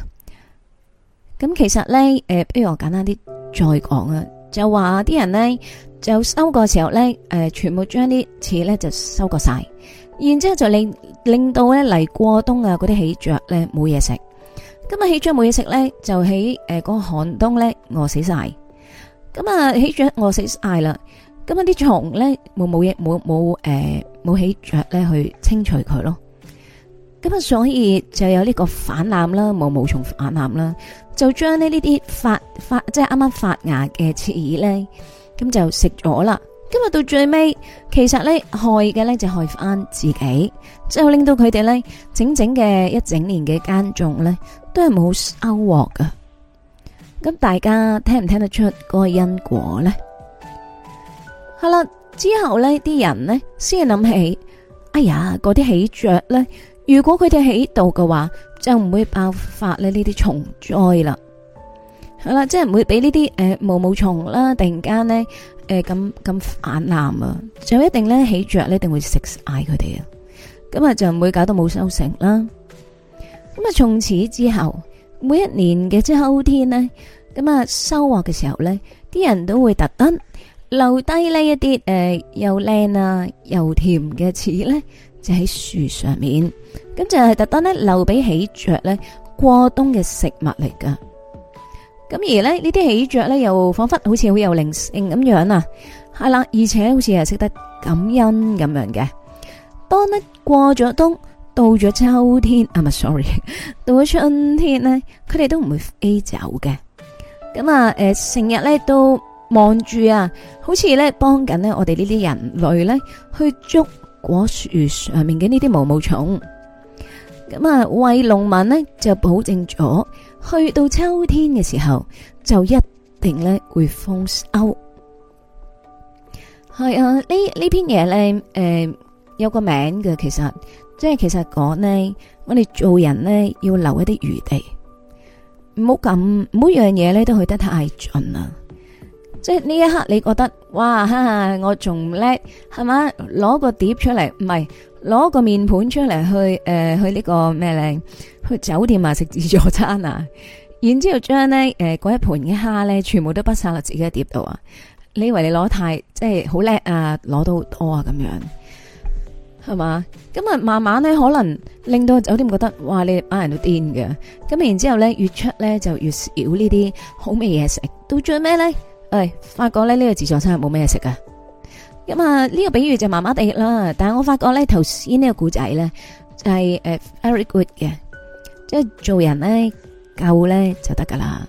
Speaker 1: 咁其實咧，誒，不如我簡單啲再講啊，就話啲人咧就收割嘅時候咧，誒，全部將啲柿咧就收割晒，然之後就令令到咧嚟過冬啊嗰啲喜鵲咧冇嘢食。今日起咗冇嘢食咧，就喺誒嗰個寒冬咧餓死晒。咁啊起咗餓死晒啦，咁啊啲蟲咧冇冇嘢冇冇誒冇起着咧去清除佢咯。咁啊所以就有呢個反濫啦，冇毛蟲反濫啦，就將呢呢啲發發即係啱啱發芽嘅刺耳咧，咁就食咗啦。今日到最尾，其實咧害嘅咧就害返自己，之後令到佢哋咧整整嘅一整年嘅耕種咧都係冇收穫噶。咁大家聽唔聽得出嗰個因果呢？係啦，之後呢啲人呢先諗起，哎呀，嗰啲喜鵲呢，如果佢哋喺度嘅話，就唔會爆發呢啲蟲災啦。好啦，即係唔會俾呢啲誒毛毛蟲啦，突然間呢。誒，咁咁泛濫啊，就一定咧喜鵲咧，一定會食晒佢哋啊，咁啊就唔會搞到冇收成啦。咁啊，從此之後，每一年嘅秋天咧，咁啊收穫嘅時候咧，啲人都會特登留低呢一啲誒又靚啊又甜嘅柿咧，就喺樹上面，咁就係特登咧留俾喜鵲咧過冬嘅食物嚟㗎。咁而咧，呢啲喜鵲咧，又仿佛好似好有靈性咁樣啊，係啦，而且好似係識得感恩咁樣嘅。當呢過咗冬，到咗秋天，啊唔係 sorry，到咗春天咧，佢哋都唔會飛走嘅。咁、嗯、啊，誒、嗯，成日咧都望住啊，好似咧幫緊咧我哋呢啲人類咧去捉果樹上面嘅呢啲毛毛蟲。咁、嗯、啊，為農民呢就保證咗。去到秋天嘅時候，就一定咧會豐收。係啊，呢呢篇嘢咧，誒、呃、有個名嘅，其實即係其實講呢，我哋做人呢，要留一啲餘地，唔好咁，每樣嘢咧都去得太盡啦。即係呢一刻你覺得，哇！我仲叻係嘛？攞個碟出嚟，唔係。攞個面盤出嚟去誒、呃、去、這個、呢個咩咧？去酒店啊食自助餐啊，然之後將咧誒嗰一盤嘅蝦咧，全部都不晒落自己嘅碟度啊！你以為你攞太即係好叻啊，攞到多啊咁樣係嘛？咁啊慢慢咧，可能令到酒店覺得哇你班人都癲嘅，咁然之後咧越出咧就越少呢啲好味嘢食，到最尾咧誒，發覺咧呢、呢個自助餐係冇咩嘢食噶。咁啊，呢個比喻就麻麻地啦，但係我發覺咧，頭先呢個古仔咧，係誒 very good 嘅，即係做人咧夠咧就得噶啦，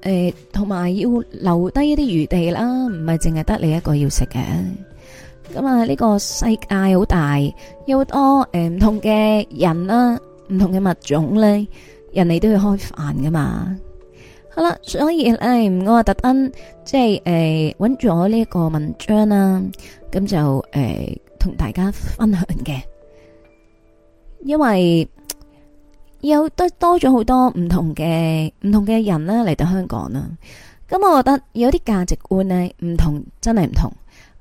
Speaker 1: 誒同埋要留低一啲餘地啦，唔係淨係得你一個要食嘅。咁啊，呢個世界好大，有好多誒唔同嘅人啦，唔同嘅物種咧，人哋都要開飯噶嘛。好啦，所以咧，我特登即係誒，揾咗呢一個文章啦，咁就誒同、欸、大家分享嘅，因為有多多咗好多唔同嘅唔同嘅人啦嚟到香港啦，咁我覺得有啲價值觀呢唔同，真係唔同，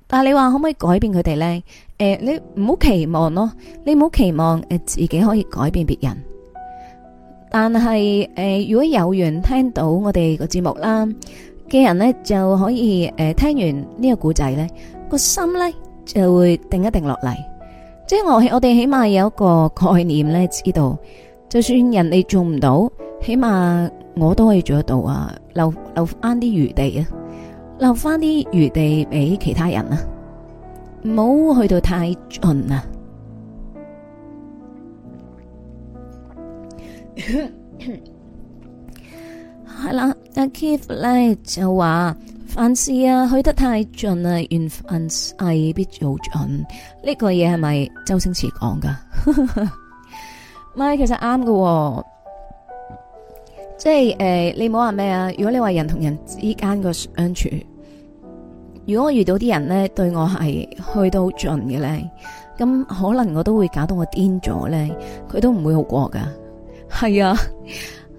Speaker 1: 但係你話可唔可以改變佢哋呢？誒、欸，你唔好期望咯，你唔好期望誒自己可以改變別人。但係誒、呃，如果有緣聽到我哋個節目啦嘅人咧，就可以誒、呃、聽完這個故呢個古仔咧，個心咧就會定一定落嚟。即係我我哋起碼有一個概念咧，知道就算人哋做唔到，起碼我都可以做得到啊！留留翻啲餘地啊，留翻啲餘地俾其他人啊，唔好去到太盡啊！係 (laughs) 啦， (laughs) 阿 Keith 咧就話，凡事啊去得太盡啊，緣分勢必早盡。呢、這個嘢係咪周星馳講噶？唔係，其實啱㗎、哦，即係誒、呃，你唔好話咩啊。如果你話人同人之間個相處，如果我遇到啲人咧，對我係去到好盡嘅咧，咁可能我都會搞到我癲咗咧，佢都唔會好過噶。係啊，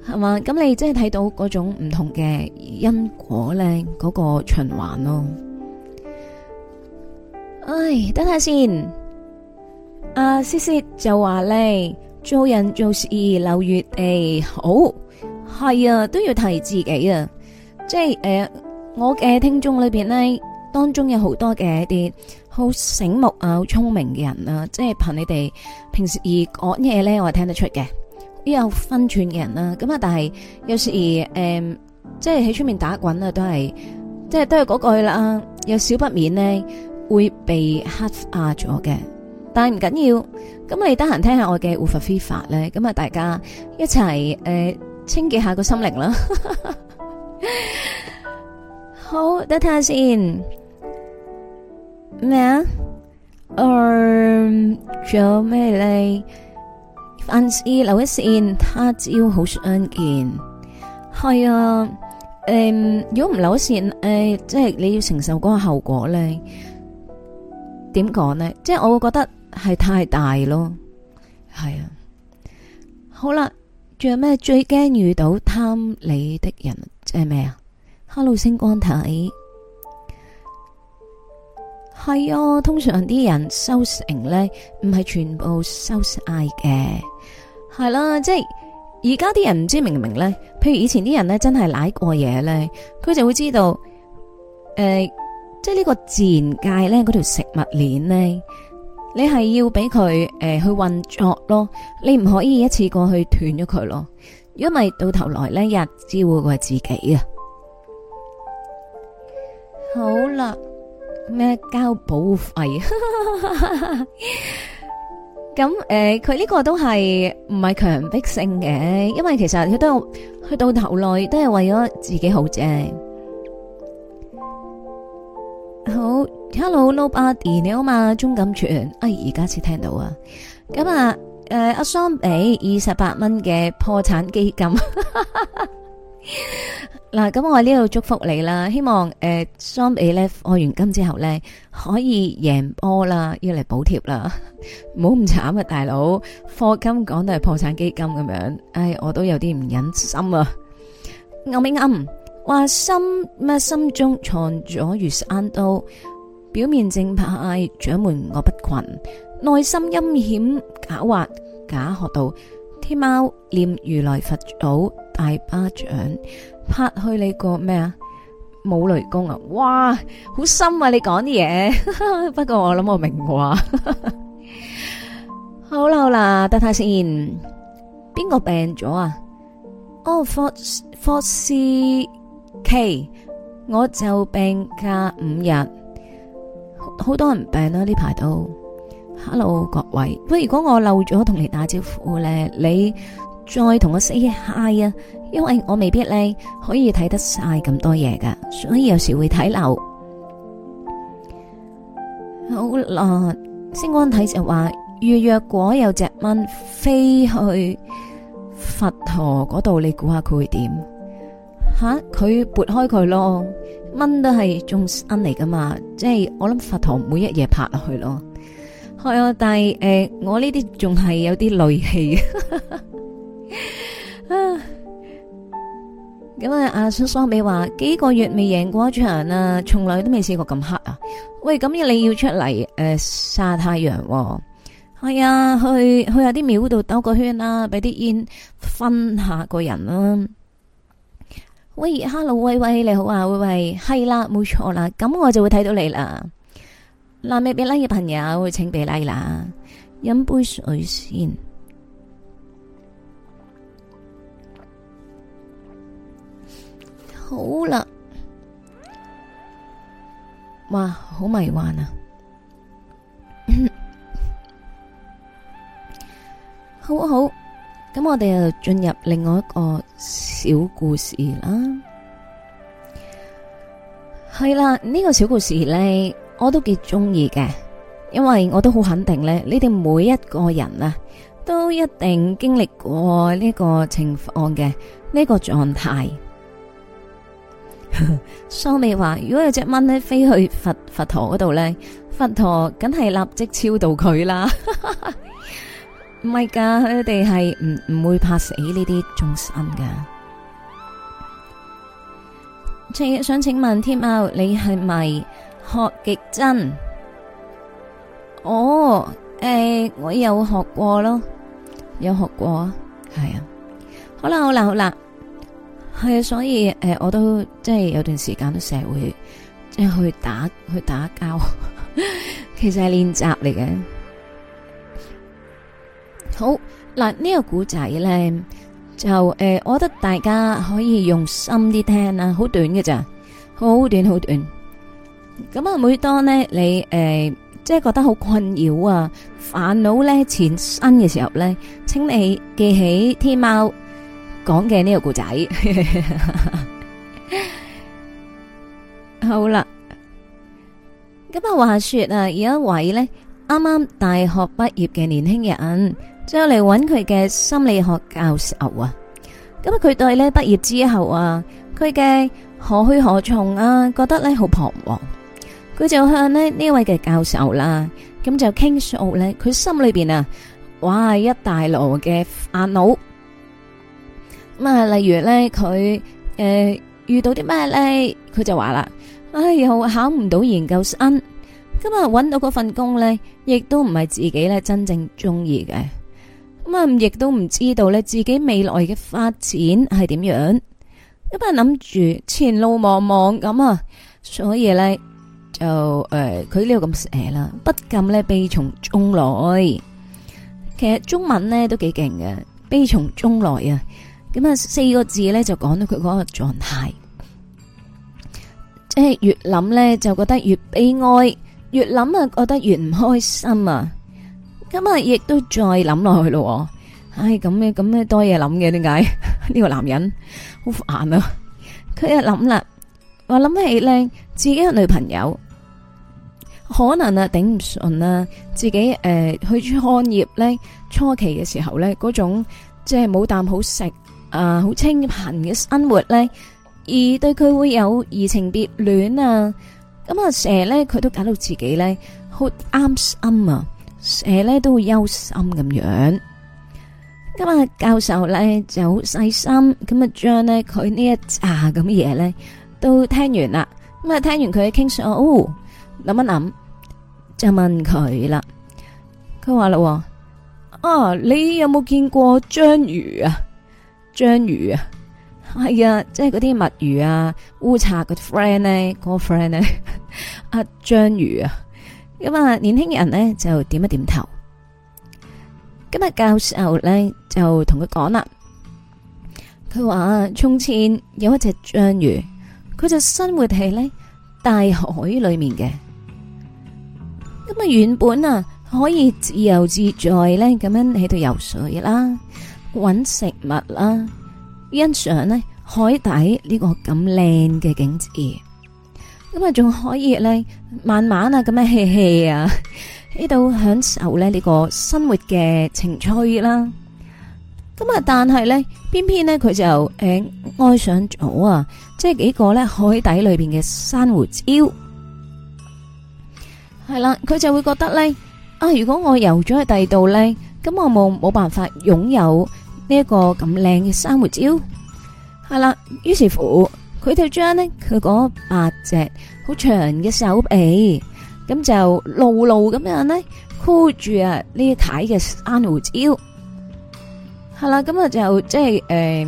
Speaker 1: 係嘛？咁你真係睇到嗰種唔同嘅因果咧，嗰個循環咯。唉，等下先、啊。阿詩詩就話咧，做人做事留餘地，好係啊，都要睇自己啊。即係誒、呃，我嘅聽眾裏邊咧，當中有好多嘅一啲好醒目啊，好聰明嘅人啊。即係憑你哋平時而講嘢咧，我係聽得出嘅。啲有分寸嘅人啦，咁啊，但係有時誒，即係喺出面打滾啊，都係即係都係嗰句啦，有少不免咧會被黑壓咗嘅，但係唔緊要，咁你得閒聽下我嘅護法飛法咧，咁啊，大家一齊誒清潔下個心靈啦，好得睇下先咩啊，誒，仲有咩咧。凡事留一線，他朝好相見。係啊，誒、嗯，如果唔留一線，誒、呃，即係你要承受嗰個後果咧，點講咧？即係我會覺得係太大咯。係啊，好啦，仲有咩最驚遇到貪你的人？即係咩啊？Hello，星光體。係啊，通常啲人收成咧，唔係全部收晒嘅。係啦，即係而家啲人唔知明唔明咧，譬如以前啲人咧真係舐過嘢咧，佢就會知道，誒、呃，即係呢個自然界咧嗰條食物鏈咧，你係要俾佢誒去運作咯，你唔可以一次過去斷咗佢咯，如果唔係到頭來咧，日招個係自己啊！好啦，咩交保費？ (laughs) 咁誒，佢呢個都係唔係強迫性嘅，因為其實佢都去到頭來都係為咗自己好啫。好，hello，nobody 你好嘛，鍾錦泉，哎，而家先聽到啊。咁啊誒阿桑俾二十八蚊嘅破產基金。嗱，咁我喺呢度祝福你啦，希望誒雙幣咧開完金之後咧可以贏波啦，要嚟補貼啦，唔好咁慘啊，大佬！課金講到係破產基金咁樣，唉，我都有啲唔忍心啊。暗啲暗，話心乜心中藏咗如山刀，表面正派掌門岳不群，內心陰險狡猾假學到。天貓念如來佛祖大巴掌，拍去你個咩啊？冇雷公啊！哇，好深啊你！你講啲嘢，不過我諗我明啩。 (laughs) 好啦好啦，得睇先，邊個病咗啊？哦，霍霍 c k 我就病假五日。好多人病啦，啊，呢排都。hello 各位，不如果我漏咗同你打招呼咧，你再同我 say hi 啊，因為我未必咧可以睇得晒咁多嘢噶，所以有時會睇漏。好啦，星光體就話，若若果有隻蚊飛去佛陀嗰度，你估下佢會點吓？佢撥開佢咯，蚊都係眾生嚟噶嘛，即係我諗佛陀每一夜拍落去咯。係、呃、 (laughs) 啊，但係誒，我呢啲仲係有啲戾氣咁啊，阿叔雙比話幾個月未贏過一場啦，從來都未試過咁黑啊！喂，咁要你要出嚟誒曬太陽？係啊，哎、呀去去下啲廟度兜個圈啦、啊，俾啲煙熏下個人啦、啊。喂，Hello，喂喂，你好啊，喂喂，係啦，冇錯啦，咁我就會睇到你啦。嗱，未俾禮嘅朋友去請俾禮啦，飲杯水先。好啦，哇，好迷幻啊！好好，咁我哋又進入另外一個小故事啦。係啦，呢個小故事咧。我都幾中意嘅，因為我都好肯定咧，你哋每一個人啊，都一定經歷過呢個情況嘅呢個狀態。蘇 (laughs) 美話：如果有隻蚊咧飛去佛佛陀嗰度咧，佛陀梗係立即超度佢啦。唔係噶，佢哋係唔唔會怕死呢啲眾生噶。請想請問，天喵你係咪？學極真哦，誒，我有學過咯，有學過，係啊，好啦，好啦，好啦，係啊，所以誒，我都即係有段時間都成日會即係去打去打交，其實係練習嚟嘅。好嗱，呢個古仔咧就誒，我覺得大家可以用心啲聽啊，好短嘅咋，好短，好短。咁啊，每當呢，你誒，即係覺得好困擾啊，煩惱呢、纏身嘅時候呢，請你記起天喵講嘅呢個故仔。 (laughs) 好啦，咁啊，話說啊，有一位呢啱啱大學畢業嘅年輕人，將嚟揾佢嘅心理學教授啊。咁啊，佢對呢畢業之後啊，佢嘅何去何從啊，覺得呢好彷徨。佢就向呢位嘅教授啦，咁就傾訴咧。佢心裏邊啊，哇一大籮嘅煩惱。咁啊，例如咧，佢誒、呃、遇到啲咩咧，佢就話啦，唉，又考唔到研究生，今日搵到嗰份工咧，亦都唔係自己咧真正中意嘅。咁啊，亦都唔知道咧自己未來嘅發展係點樣，一班諗住前路茫茫咁啊，所以咧。就誒，佢呢個咁寫啦，不禁咧悲從中來。其實中文咧都幾勁嘅，悲從中來啊。咁啊四個字咧就講到佢嗰個狀態，即係越諗咧就覺得越悲哀，越諗啊覺得越唔開心啊。咁啊亦都再諗落去咯。唉，咁咩咁咩多嘢諗嘅？點解呢個男人好煩啊？佢一諗啦，話諗起咧自己嘅女朋友。可能啊頂唔順啊，自己誒去創業咧初期嘅時候咧，嗰種即係冇啖好食啊，好清貧嘅生活咧，而對佢會有移情別戀啊，咁啊成日咧佢都搞到自己咧好啱心啊，成日咧都會憂心咁樣。咁啊教授咧就好細心，咁啊將咧佢呢一下咁嘅嘢咧都聽完啦，咁啊聽完佢傾訴哦，諗一諗。就問佢啦，佢話啦，啊，你有冇見過章魚啊？章魚啊，係啊，即係嗰啲墨魚啊、烏賊嗰啲 friend 咧，嗰、嗰個 friend 咧，阿、 (laughs) 啊、章魚啊。咁啊，年輕人咧就點一點頭。今日教授咧就同佢講啦，佢話從前有一隻章魚，佢就生活喺咧大海裏面嘅。咁啊，原本啊可以自由自在咧，咁樣喺度游水啦，搵食物啦，欣賞咧海底呢個咁靚嘅景致。咁啊，仲可以咧慢慢啊咁樣嬉戲啊，喺度享受咧呢個生活嘅情趣啦。咁啊，但係咧，偏偏咧佢就誒愛上咗啊，即係幾個咧海底裏邊嘅珊瑚礁。係啦，佢就會覺得咧，啊，如果我游咗去第二度咧，咁我冇冇辦法擁有呢一個咁靚嘅珊瑚礁？係啦，於是乎，佢就將呢，佢嗰八隻好長嘅手臂，咁就牢牢咁樣咧，箍住啊呢啲太嘅珊瑚礁。係啦，咁啊就即係誒、呃，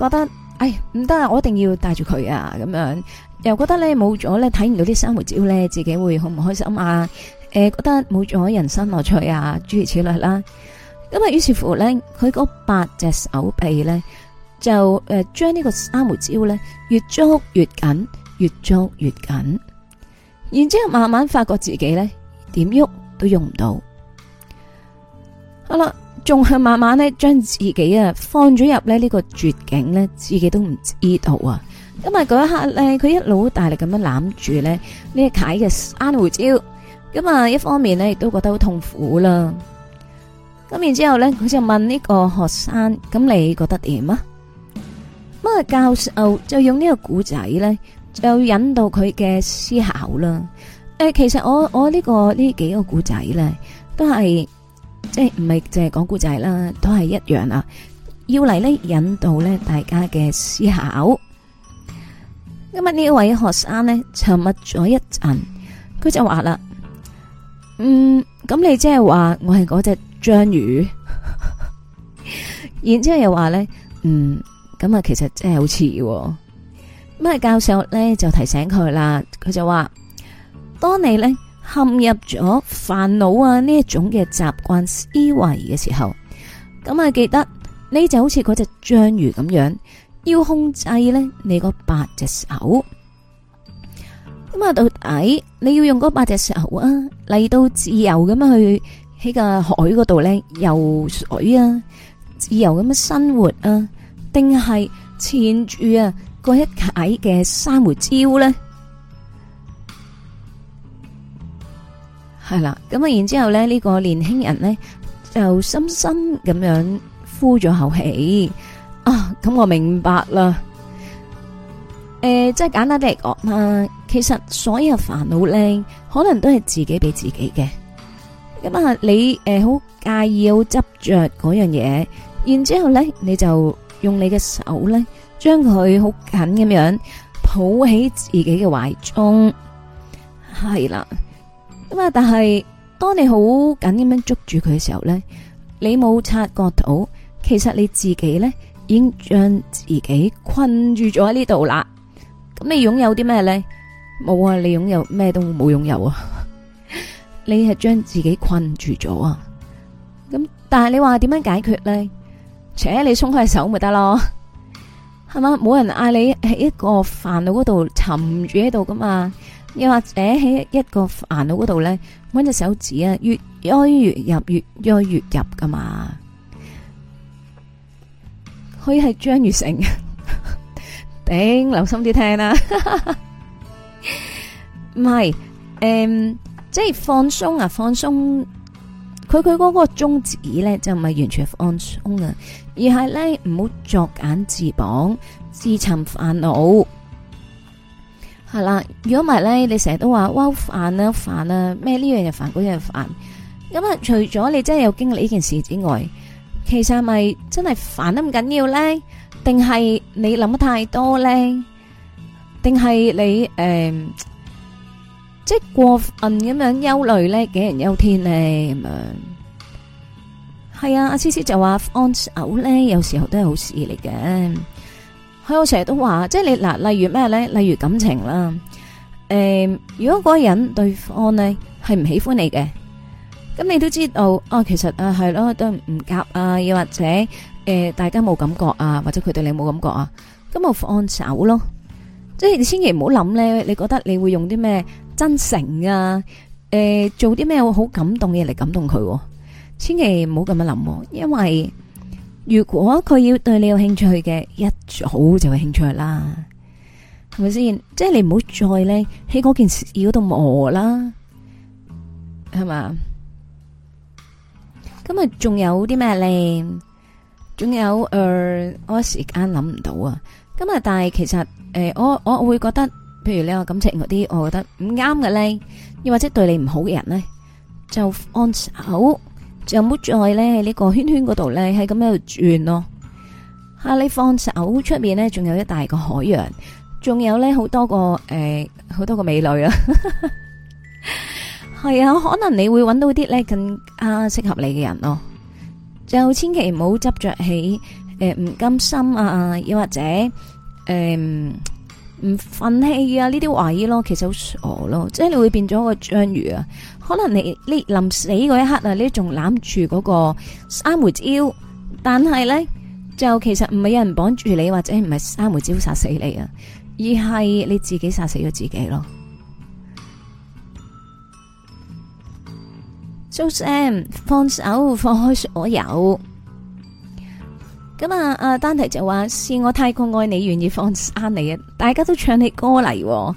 Speaker 1: 覺得，唉、哎，唔得啊，我一定要帶住佢啊，咁樣。又覺得咧冇咗咧睇唔到啲珊瑚礁咧，自己會好唔開心啊！誒，覺得冇咗人生樂趣啊，諸如此類啦。咁啊，於是乎咧，佢嗰八隻手臂咧，就誒將呢個珊瑚礁咧越捉越緊，越捉越緊。然之後慢慢發覺自己咧點喐都用唔到。好啦，仲係慢慢咧將自己啊放咗入呢個絕境咧，自己都唔知道啊！咁啊！嗰一刻咧，佢一路好大力咁樣攬住咧呢個解嘅珊瑚礁。咁啊，一方面咧亦都覺得好痛苦啦。咁然之後咧，佢就問呢個學生：咁你覺得點啊？咁啊，教授就用呢個古仔咧，就引導佢嘅思考啦。誒，其實我我呢個呢幾個古仔咧，都係即係唔係淨係講古仔啦，都係一樣啊。要嚟，咧引導咧大家嘅思考。今日呢位學生呢，沉默咗一陣，佢就話啦：嗯，咁你即係話我係嗰隻章魚， (laughs) 然之後又話呢，嗯，咁啊，其實真係好似喎。教授呢就提醒佢啦，佢就話：當你呢，陷入咗煩惱啊，呢一種嘅習慣思維嘅時候，咁啊，記得你就好似嗰隻章魚咁樣。要控制咧，你個八隻手。咁啊，到底你要用嗰八隻手啊，嚟到自由咁樣去喺個海嗰度咧游水啊，自由咁樣生活啊，定係纏住啊個一矮嘅珊瑚礁咧？係啦，咁啊，然之後咧，呢個年輕人咧就深深咁樣呼咗口氣。啊，咁我明白啦。誒、呃，即係簡單地講啊，其實所有煩惱咧，可能都係自己俾自己嘅。咁啊，你誒好、呃、介意好執着嗰樣嘢，然之後咧，你就用你嘅手咧，將佢好緊咁樣抱喺自己嘅懷中。係啦，咁啊，但係當你好緊咁樣捉住佢嘅時候咧，你冇察覺到，其實你自己咧。已經將自己困住咗喺呢度啦，咁你擁有啲咩咧？冇啊，你擁有咩都冇擁有啊！ (laughs) 你係將自己困住咗啊！咁但係你話點樣解決咧？請你鬆開手咪得咯，係 (laughs) 嘛？冇人嗌你喺一個煩惱嗰度沉住喺度噶嘛，又或者喺一個煩惱嗰度咧，搵隻手指啊，越 q 越入，越 q 越入噶嘛。可以係張月成的， (laughs) 頂留心啲聽啦，啊。 (laughs) 唔係，誒，即係放鬆啊，放鬆。佢佢嗰個宗旨咧就唔係完全放鬆啊，而係咧唔好作繭自綁，自尋煩惱。係啦，如果唔係咧，你成日都話哇好煩啊煩啊，咩呢樣嘢煩，嗰樣煩。咁啊、嗯，除咗你真係有經歷呢件事之外。其實係咪真係煩得咁緊要咧？定係你諗得太多咧？定係你誒，即係過分咁樣憂慮咧，杞人憂天咧咁樣。係啊，阿思思就話，安偶咧，有時候都係好事嚟嘅。佢我成日都話，即係你嗱，例如咩咧？例如感情啦，誒，如果嗰個人對方咧係唔喜歡你嘅。咁你都知道啊，其實啊係咯，都唔夾啊，又或者誒，大家冇感覺啊，或者佢對你冇感覺啊，咁咪放手咯。即係你千祈唔好諗咧，你覺得你會用啲咩真誠啊，誒做啲咩好感動嘅嘢嚟感動佢，千祈唔好咁樣諗，因為如果佢要對你有興趣嘅，一早就有興趣啦，係咪先？即係你唔好再咧喺嗰件事嗰度磨啦，係嘛？咁啊，仲有啲咩咧？仲有誒，我一時間諗唔到啊。咁啊，但係其實誒、呃，我我，我會覺得，譬如你我感情嗰啲，我覺得唔啱嘅咧，又或者對你唔好嘅人咧，就放手，就唔好再咧喺呢、這個圈圈嗰度咧，喺咁樣度轉咯。哈、啊！你放手呢，出面咧，仲有一大個海洋，仲有咧，好多個誒，好、呃、多個美女啊。 (laughs) 係啊，可能你會揾到啲咧更加適合你嘅人咯，就千祈唔好執着起誒唔甘心啊，又或者誒唔忿氣啊呢啲懷疑咯，其實好傻咯，即係你會變咗個章魚啊，可能你你臨死嗰一刻啊，你仲攬住嗰個珊瑚礁，但係咧就其實唔係有人綁住你，或者唔係珊瑚礁殺死你啊，而係你自己殺死咗自己咯。收聲，放手，放開所有。咁啊，阿、呃、丹提就話是我太過愛你，願意放生你啊！大家都唱起歌嚟、哦，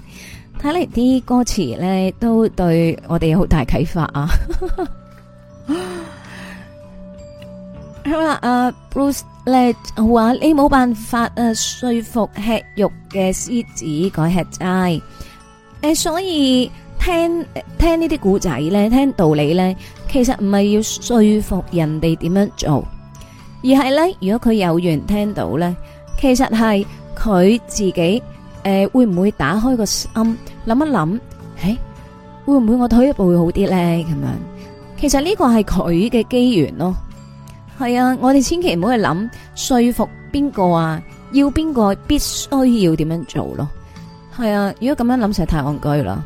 Speaker 1: 睇嚟啲歌詞咧都對我哋有好大啟發啊！咁 (laughs) 啊、 (laughs) 呃、Bruce 咧話你冇辦法啊說服吃肉嘅獅子改、那個、吃齋，誒、呃，所以。聽聽呢啲古仔咧，聽道理咧，其實唔係要說服人哋點樣做，而係咧，如果佢有緣聽到咧，其實係佢自己誒會唔會打開個心諗一諗？誒會唔會我退一步會好啲咧？咁樣其實呢個係佢嘅機緣咯。係啊，我哋千祈唔好去諗說服邊個啊，要邊個必須要點樣做咯。係啊，如果咁樣諗實太戇居啦。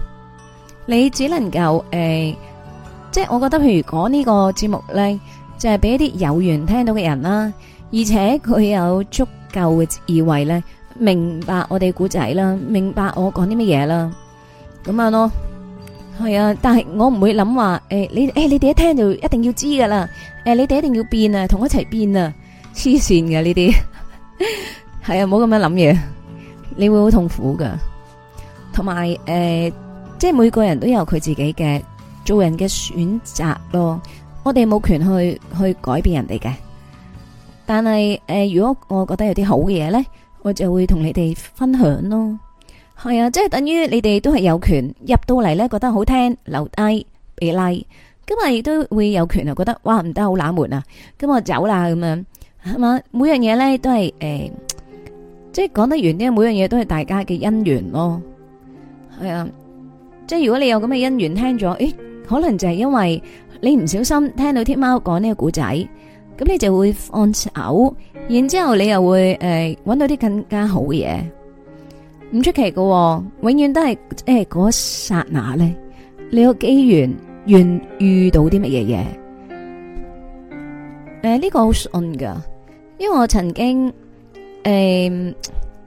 Speaker 1: 你只能夠誒，即係我覺得譬如講呢個節目咧，就係俾一啲有緣聽到嘅人啦，而且佢有足夠嘅智慧咧，明白我哋古仔啦，明白我講啲乜嘢啦，咁樣咯。係啊，但係我唔會諗話誒，你誒，你哋一聽就一定要知噶啦，誒，你哋一定要變啊，同我一齊變啊，黐線嘅呢啲，係啊，唔好咁樣諗嘢，你會好痛苦噶，同埋誒。即係每個人都有佢自己嘅做人嘅選擇咯，我哋冇權去去改變人哋嘅。但係誒，如果我覺得有啲好嘅嘢咧，我就會同你哋分享咯。係啊，即係等於你哋都係有權入到嚟咧，覺得好聽，留低俾 like，今日亦都會有權啊，覺得哇唔得好冷門啊，咁我走啦咁樣係嘛？每樣嘢咧都係誒，即係講得完咧，每樣嘢都係大家嘅姻緣咯。係啊。即係如果你有咁嘅因緣，聽咗，誒，可能就係因為你唔小心聽到天喵講呢個故仔，咁你就會放手，然之後你又會誒搵，呃，到啲更加好嘅嘢，唔出奇喎，永遠都係誒一剎那咧，你個機緣遇，遇到啲乜嘢嘢，誒，呃，呢，這個好順噶，因為我曾經誒點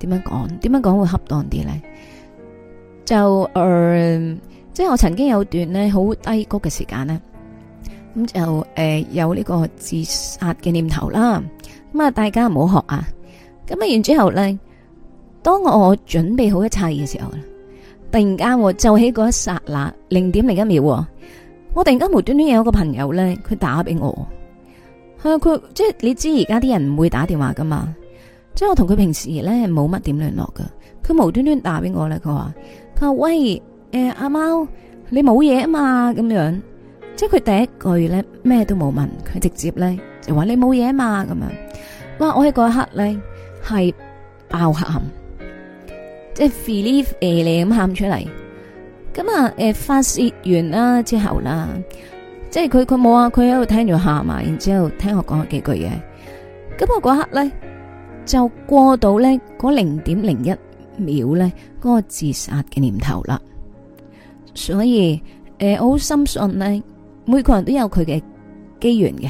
Speaker 1: 樣講，點樣講會恰當啲咧？就誒、呃，即係我曾經有段咧好低谷嘅時間咧，咁就誒、呃、有呢個自殺嘅念頭啦。咁啊，大家唔好學啊。咁啊然之後咧，當我準備好一切嘅時候咧，突然間喎，就喺嗰一剎那零點零一秒喎，我突然間無端端有一個朋友咧，佢打俾我。啊佢即係你知而家啲人唔會打電話噶嘛。即係我同佢平時咧冇乜點聯絡噶佢無端端打畀我咧，佢話佢話喂，誒，阿貓，你冇嘢啊嘛咁樣。即係佢第一句咧咩都冇問，佢直接咧就話你冇嘢啊嘛咁樣。哇！我喺嗰一刻咧係爆喊，即係 feel 誒嚟咁喊出嚟。咁啊誒發洩完啦之後啦，即係佢佢冇話，佢喺度聽住喊啊，然之後聽我講咗幾句嘢。咁我嗰刻咧。就過到呢嗰零點零一秒呢嗰、那個自殺嘅念頭啦。所以誒、呃，我好深信呢每個人都有佢嘅機緣嘅。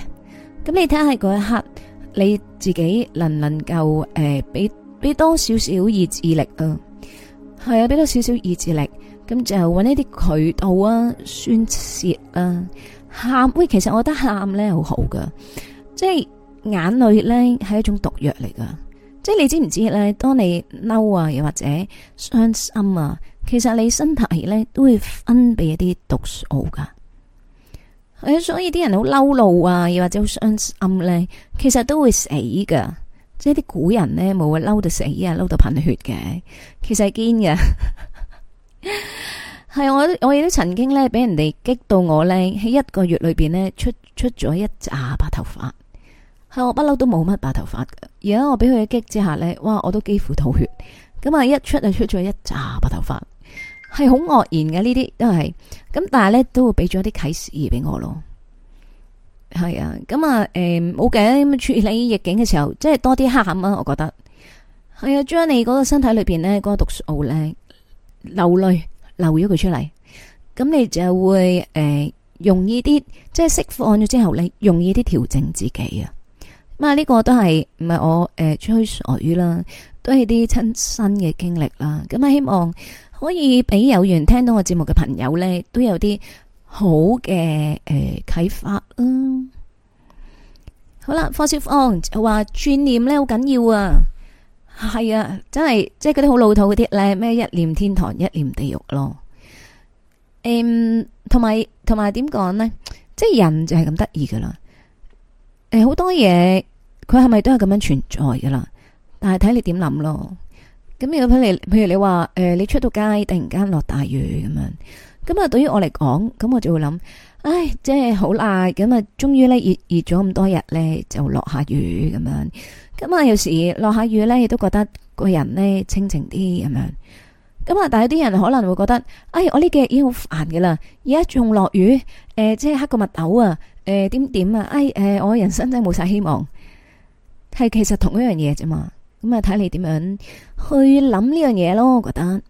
Speaker 1: 咁你睇下嗰一刻你自己能唔能夠誒，俾、呃、俾多少少意志力啊？係啊，俾多少少意志力，咁、啊啊、就揾一啲渠道啊，宣洩啊，喊。喂，其實我覺得喊咧好好噶，即係眼淚咧係一種毒藥嚟噶。即係你知唔知咧？當你嬲啊，又或者傷心啊，其實你身體咧都會分泌一啲毒素噶。所以啲人好嬲怒啊，又或者好傷心咧，其實都會死噶。即係啲古人咧冇話嬲到死啊，嬲到噴血嘅，其實係堅嘅。係 (laughs) 我，我，我亦都曾經咧俾人哋激到我咧喺一個月裏邊咧出出咗一紮白頭髮。係我不嬲都冇乜白頭髮嘅。而家我俾佢一激之下呢，哇！我都幾乎吐血咁啊，一出就出咗一揸白頭髮，係好愕然嘅。呢啲都係咁，但係呢都會俾咗啲啟示嚟俾我咯。係啊，咁、嗯、啊，誒，冇計咁處理逆境嘅時候，即係多啲喊啊。我覺得係啊，將你嗰個身體裏邊呢，嗰個毒素咧流淚流咗佢出嚟，咁你就會誒、嗯、容易啲，即係釋放咗之後你容易啲調整自己啊。咁、這、啊、個，呢個都係唔係我誒、呃、吹水啦，都係啲親身嘅經歷啦。咁啊，希望可以俾有緣聽到我節目嘅朋友呢，都有啲好嘅誒啟發啦。好啦，方小芳就話轉念呢好緊要啊，係啊，真係即係嗰啲好老土嗰啲呢，咩一念天堂，一念地獄咯。嗯，同埋同埋點講呢？即係人就係咁得意噶啦。好多嘢，佢係咪都係咁樣存在噶啦？但係睇你點諗咯。咁要譬如，譬如你話誒、呃，你出到街突然間落大雨咁樣，咁啊，對於我嚟講，咁我就會諗，唉，即係好賴咁啊，終於咧熱熱咗咁多日咧，就落下雨咁樣。咁啊，有時落下雨咧，亦都覺得個人咧清靜啲咁樣。咁啊，但係有啲人可能會覺得，唉，我呢幾日已經好煩噶啦，而家仲落雨，誒、呃，即係黑個墨斗啊！誒、呃，點點啊？誒、哎呃，我人生真係冇晒希望，係其實同一樣嘢啫嘛。咁啊，睇你點樣去諗呢樣嘢咯，我覺得。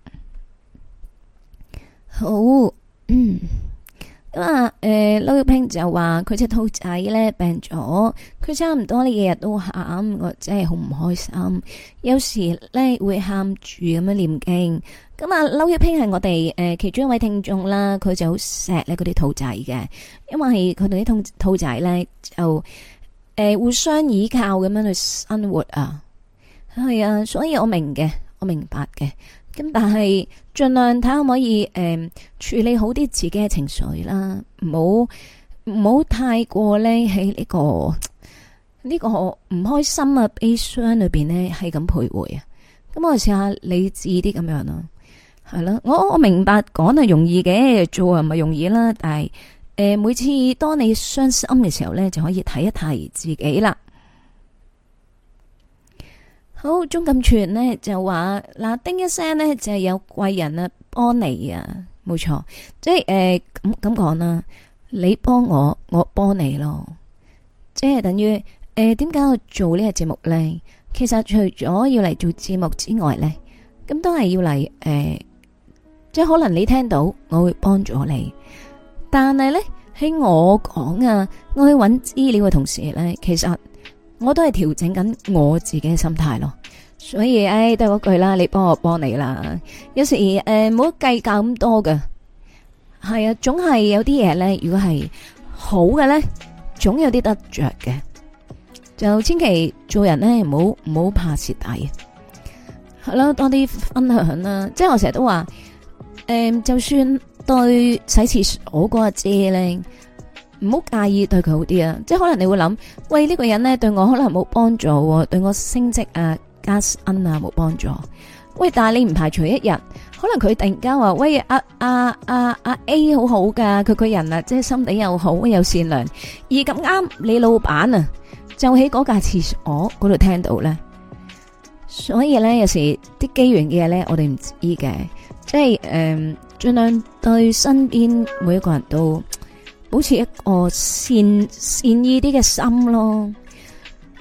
Speaker 1: 好。嗯咁、嗯、啊，誒，劉玉平就話佢隻兔仔咧病咗，佢差唔多呢日日都喊，我真係好唔開心。有時咧會喊住咁樣念經。咁、嗯、啊，劉玉平係我哋誒、呃、其中一位聽眾啦，佢就好錫咧嗰啲兔仔嘅，因為係佢同啲兔兔仔咧就誒、呃、互相依靠咁樣去生活啊。係啊，所以我明嘅，我明白嘅。咁但係。盡量睇下可唔可以誒處理好啲自己嘅情緒啦，唔好唔好太過咧喺呢個呢個唔開心啊悲傷裏邊呢，係咁徘徊啊。咁我試下理智啲咁樣咯，係咯。我我明白講係容易嘅，做係唔係容易啦。但係誒，每次當你傷心嘅時候咧，就可以睇一睇自己啦。好，鍾錦全呢就話嗱，叮一聲呢，就係有貴人啊，幫你啊，冇錯，即係誒咁咁講啦，你幫我，我幫你咯，即係等於誒，點解我做呢個節目呢？其實除咗要嚟做節目之外呢，咁都係要嚟誒、呃，即係可能你聽到我會幫助你，但係呢，喺我講啊，我去揾資料嘅同時呢，其實。我都係調整緊我自己嘅心態咯，所以誒都係嗰句啦，你幫我幫你啦，有時誒唔好計較咁多㗎。係啊，總係有啲嘢咧，如果係好嘅咧，總有啲得着嘅，就千祈做人咧，唔好唔好怕蝕底，係咯，啊，多啲分享啦，即係我成日都話，誒、呃，就算對洗廁所嗰阿姐咧。唔好介意對佢好啲啊！即係可能你會諗，喂呢個人咧對我可能冇幫助，對我升職啊加薪啊冇幫助。喂，但係你唔排除一日，可能佢突然間話，喂阿阿阿阿 A 好好噶，佢個人啊，即係心底又好又善良，而咁啱你老闆啊就喺嗰間廁所嗰度聽到咧。所以咧，有時啲機緣嘅嘢咧，我哋唔知嘅，即係誒、嗯、盡量對身邊每一個人都。好似一個善善意啲嘅心咯，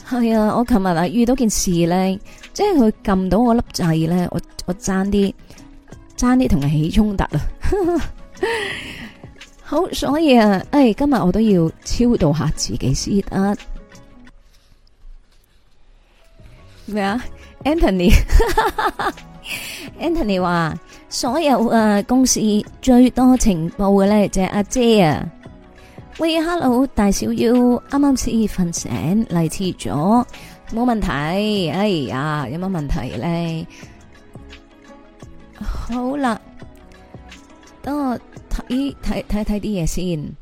Speaker 1: 係啊！我琴日啊遇到件事咧，即係佢撳到我粒掣咧，我我爭啲爭啲同佢起衝突啊！ (laughs) 好，所以啊，誒、哎，今日我都要超度下自己先得啊！咩啊？Anthony，Anthony (laughs) 話所有啊公司最多情報嘅咧，就係、是、阿姐啊！喂，hello，大小腰，啱啱先瞓醒嚟遲咗，冇問題。哎呀，有乜問題咧？好啦，等我睇睇睇睇啲嘢先。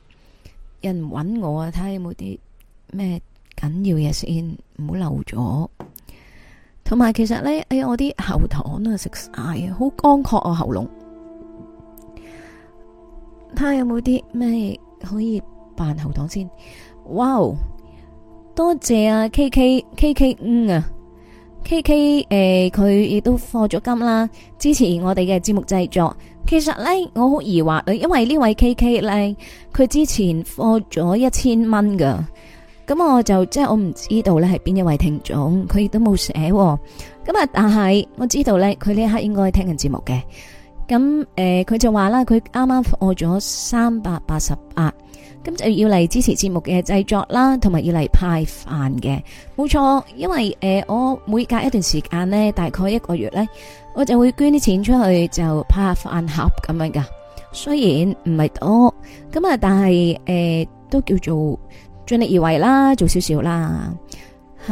Speaker 1: 人揾我啊，睇下有冇啲咩緊要嘢先，唔好漏咗。同埋其實咧，哎呀，我啲喉糖啊食晒啊，好乾涸啊喉嚨。睇下有冇啲咩可以？辦後堂先，哇哦，多謝啊！K K K K 嗯啊，K K 誒，佢亦、呃、都課咗金啦，支持我哋嘅節目製作。其實咧，我好疑惑，因為這位 KK 呢位 K K 咧，佢之前課咗一千蚊噶，咁我就即係我唔知道咧係邊一位聽眾，佢亦都冇寫咁啊。但係我知道咧，佢呢一刻應該聽緊節目嘅。咁誒，佢、呃、就話啦，佢啱啱課咗三百八十八，咁就要嚟支持節目嘅製作啦，同埋要嚟派飯嘅，冇錯。因為誒、呃，我每隔一段時間呢，大概一個月呢，我就會捐啲錢出去，就派下飯盒咁樣噶。雖然唔係多，咁啊，但係誒都叫做盡力而為啦，做少少啦、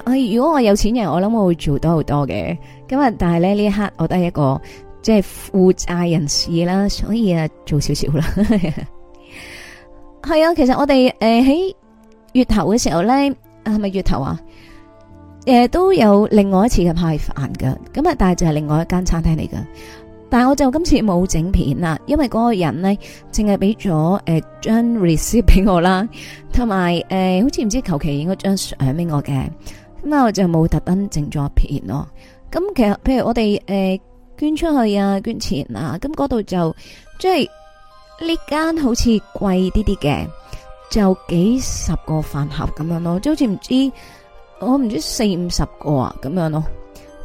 Speaker 1: 呃。如果我有錢人，我諗我會做多好多嘅。咁啊，但係咧呢一刻，我得一個即係、就是、負債人士啦，所以啊，做少少啦。 (laughs) 係啊，其實我哋誒喺月頭嘅時候咧，係咪月頭啊？誒、呃，都有另外一次嘅派飯噶，咁啊，但係就係另外一間餐廳嚟噶。但係我就今次冇整片啦，因為嗰個人咧，淨係俾咗誒張 receipt 俾我啦，同埋誒好似唔知求其影嗰張相俾我嘅，咁啊我就冇特登整咗片咯。咁其實譬如我哋誒、呃、捐出去啊，捐錢啊，咁嗰度就即係。呢間好似貴啲啲嘅，就幾十個飯盒咁樣咯，就好似唔知我唔知四五十個啊咁樣咯。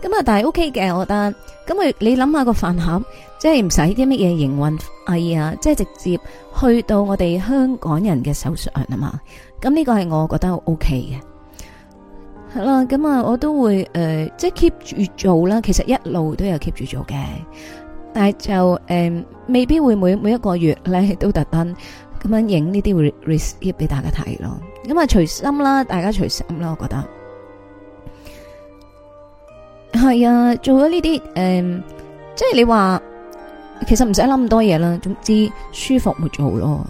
Speaker 1: 咁啊，但係 O K 嘅，我覺得。咁啊，你諗下個飯盒，即係唔使啲乜嘢營運費啊，即係直接去到我哋香港人嘅手上啊嘛。咁呢個係我覺得 O K 嘅。係啦，咁啊，我都會誒，即係 keep 住做啦。其實一路都有 keep 住做嘅。但係就誒、嗯，未必會每每一個月咧都特登咁樣影呢啲 recipe 俾大家睇咯。咁啊，隨心啦，大家隨心啦。我覺得係啊，做咗呢啲誒，即係你話其實唔使諗咁多嘢啦。總之舒服，咪做好咯。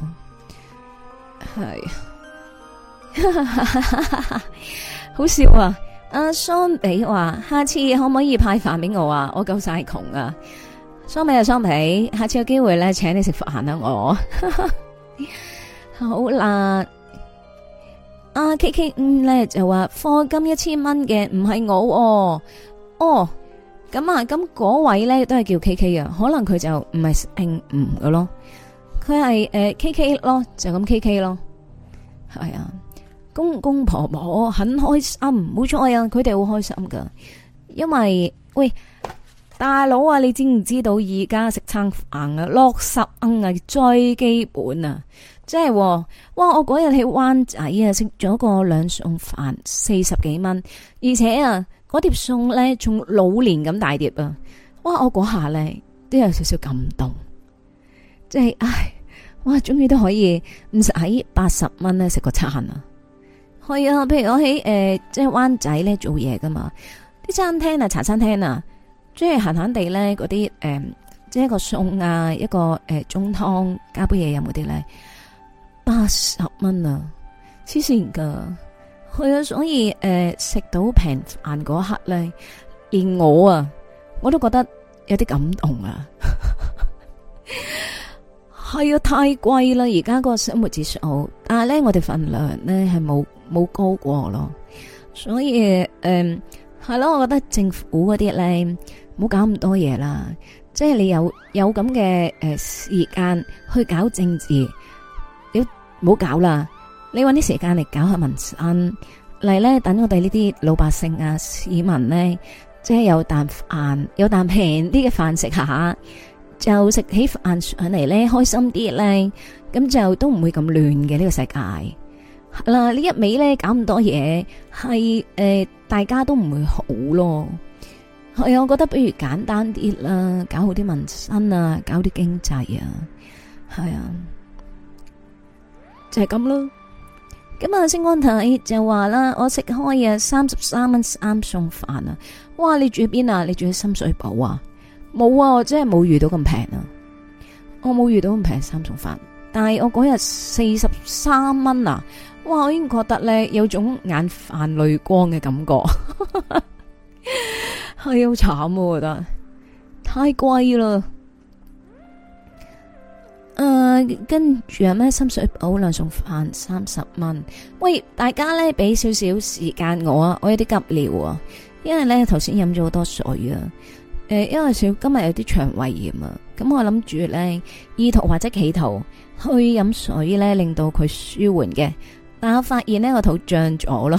Speaker 1: 係， (laughs) 好笑啊！阿 Son，你話，下次可唔可以派飯俾我啊？我夠晒窮啊！雙尾啊，雙皮，下次有機會咧，請你食飯啦，我 (laughs) 好啦。阿、啊、K K 嗯咧就話，課金一千蚊嘅唔係我哦，哦，咁啊咁嗰位咧都係叫 K K 啊，可能佢就唔係姓吳嘅咯，佢係誒 K K 咯，就咁 K K 咯，係啊，公公婆婆很開心，冇錯啊，佢哋好開心噶，因為喂。大佬啊！你知唔知道，而家食餐飯啊，六十蚊啊，最基本啊，即係哇！我嗰日喺灣仔啊食咗個兩餸飯，四十幾蚊，而且啊，嗰碟餸咧仲老年咁大碟啊！哇！我嗰下咧都有少少感動，即係唉哇！終於都可以唔使八十蚊咧食個餐啊！係啊，譬如我喺誒即係灣仔咧做嘢噶嘛，啲餐廳啊，茶餐廳啊。即係閒閒地咧，嗰啲誒，即係一個餸啊，一個誒、呃、中湯加杯嘢飲嗰啲咧，八十蚊啊，黐線噶！佢啊，所以誒食、呃、到平硬嗰一刻咧，連我啊，我都覺得有啲感動啊！係 (laughs) 啊，太貴啦！而家個生活指數，但係咧，我哋份量咧係冇冇高過咯。所以誒，係、嗯、咯、啊，我覺得政府嗰啲咧。唔好搞咁多嘢啦，即係你有有咁嘅誒時間去搞政治，你唔好搞啦，你搵啲時間嚟搞下民生，嚟咧等我哋呢啲老百姓啊、市民咧，即係有啖飯有啖平啲嘅飯食下，就食起飯上嚟咧開心啲咧，咁就都唔會咁亂嘅呢個世界啦。呢一味咧搞咁多嘢，係誒大家都唔會好咯。係，我覺得不如簡單啲啦，搞好啲民生啊，搞啲經濟啊，係啊，就係咁咯。咁啊，星安仔就話啦，我食開啊三十三蚊三餸飯啊，哇！你住喺邊啊？你住喺深水埗啊？冇啊，我真係冇遇到咁平啊！我冇遇到咁平三餸飯，但係我嗰日四十三蚊啊，哇！我已經覺得咧有一種眼泛淚光嘅感覺。 (laughs) 係好慘，我覺得太貴啦。誒、uh,，跟住係咩？心水煲兩餸飯三十蚊。喂，大家呢，俾少少時間我啊，我有啲急尿啊，因為呢頭先飲咗好多水啊。誒、呃，因為小今日有啲腸胃炎啊，咁我諗住呢，意圖或者企圖去飲水呢，令到佢舒緩嘅。但我發現呢我肚脹咗咯，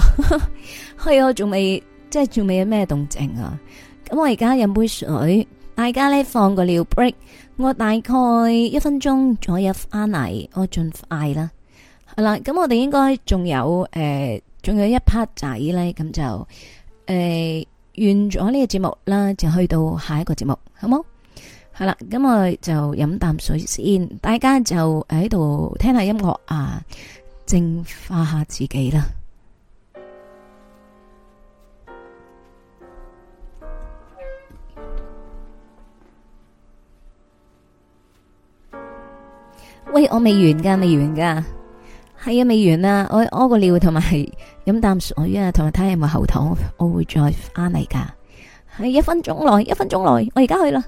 Speaker 1: 係、 (laughs) 哎、我仲未。即係仲未有咩動靜啊？咁我而家飲杯水，大家呢，放個尿 break，我大概一分鐘左右翻嚟，我盡快啦。係啦，咁我哋應該仲有誒，仲、呃、有一 part 仔呢，咁就誒、呃、完咗呢個節目啦，就去到下一個節目，好冇？係啦，咁我就飲啖水先，大家就喺度聽下音樂啊，淨化下自己啦。喂，我未完噶，未完噶，係啊，未完啊，我屙個尿同埋飲啖水啊，同埋睇下有冇喉糖，我會再翻嚟噶，係一分鐘內，一分鐘內，我而家去啦。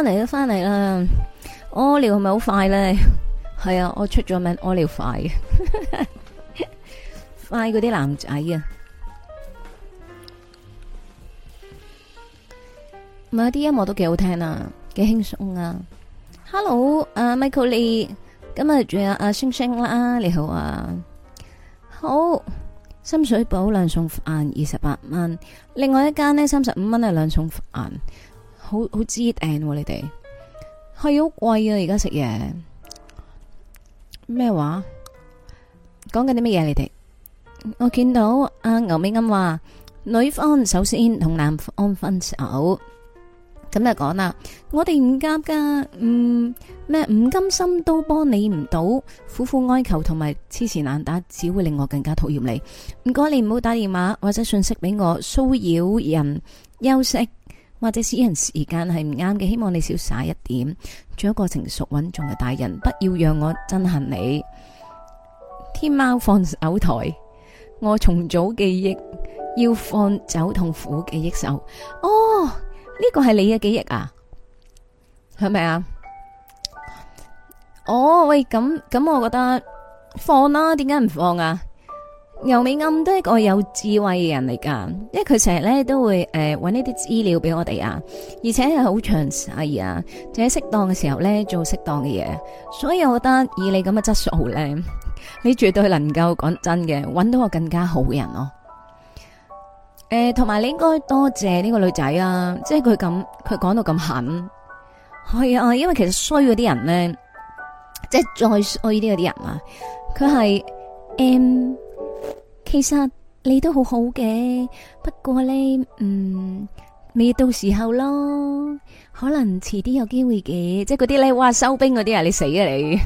Speaker 1: 翻嚟啦，翻嚟啦！屙尿係咪好快咧？係 (laughs) 啊，我出咗名，屙、oh, 尿快嘅， (laughs) 那些快嗰啲男仔啊！咪啲音樂都幾好聽啊，幾輕鬆啊！Hello，阿、uh, Michael Lee，今日仲有阿星星啦，你好啊，好，深水埗兩餸飯二十八蚊，另外一間呢，三十五蚊係兩餸飯。好好知你哋，係好貴啊！而家食嘢咩話？講緊啲乜嘢你哋？我見到阿牛美金話：女方首先同男方分手，咁就講啦。我哋唔夾噶，嗯咩唔甘心都幫你唔到，苦苦哀求同埋痴纏難打，只會令我更加討厭你。唔該，你唔好打電話或者信息俾我騷擾人休息。或者私人時間係唔啱嘅，希望你少耍一點，做一個成熟穩重嘅大人。不要讓我憎恨你。天喵放手台，我重組記憶，要放走痛苦記憶手。哦，呢個係你嘅記憶啊，係咪啊？哦，喂，咁咁，我覺得放啦，點解唔放啊？由尾暗都係個有智慧嘅人嚟噶，因為佢成日咧都會誒搵呢啲資料俾我哋啊，而且係好詳細啊，就喺適當嘅時候咧做適當嘅嘢，所以我覺得以你咁嘅質素咧，你絕對能夠講真嘅，搵到個更加好嘅人哦，啊。誒，呃，同埋你應該多謝呢個女仔啊，即係佢咁，佢講到咁狠，係啊，因為其實衰嗰啲人咧，即係再衰啲嗰啲人啊，佢係 M。嗯其實你都好好嘅，不過呢，嗯，未到時候咯，可能遲啲有機會嘅，即係嗰啲咧，哇，收兵嗰啲啊，你死啊你！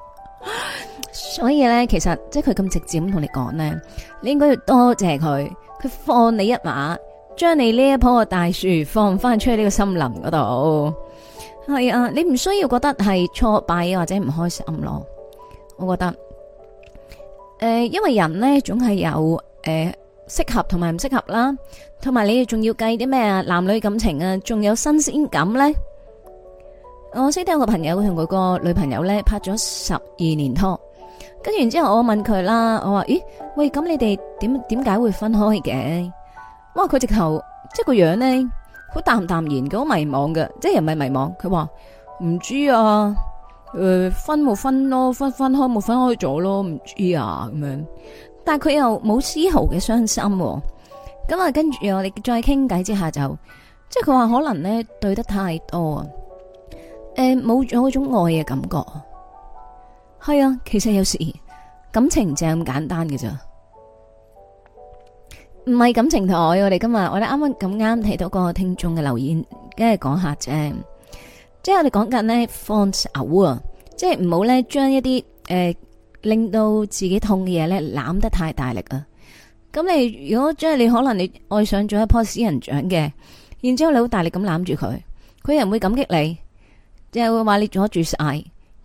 Speaker 1: (laughs) 所以咧，其實即係佢咁直接咁同你講咧，你應該要多謝佢，佢放你一馬，將你呢一棵大樹放翻出去呢個森林嗰度。係啊，你唔需要覺得係挫敗或者唔開心咯，我覺得。誒、呃，因為人咧總係有誒適合同埋唔適合啦，同埋你哋仲要計啲咩啊？男女感情啊，仲有新鮮感呢？我識得有個朋友同佢個女朋友咧拍咗十二年拖，跟住然之後我問佢啦，我話咦喂，咁你哋點點解會分開嘅？哇，佢直頭即係個樣咧，好淡淡然嘅，好迷茫嘅，即係又唔係迷茫，佢話唔知啊。誒、呃，分冇分咯，分分開冇分開咗咯，唔知啊咁樣。但係佢又冇絲毫嘅傷心。咁、嗯、啊，跟住我哋再傾偈之下就，就即係佢話可能呢對得太多啊。誒、呃，冇咗嗰種愛嘅感覺啊。係啊，其實有時感情就係咁簡單嘅咋，唔係感情同愛。我哋今日我哋啱啱咁啱睇到個聽眾嘅留言，梗係講下啫。即係我哋講緊呢放手即係唔好呢將一啲誒、呃、令到自己痛嘅嘢呢攬得太大力啊！咁你如果將係你可能你愛上咗一樖仙人掌嘅，然之後你好大力咁攬住佢，佢又唔會感激你，即係會話你阻住晒，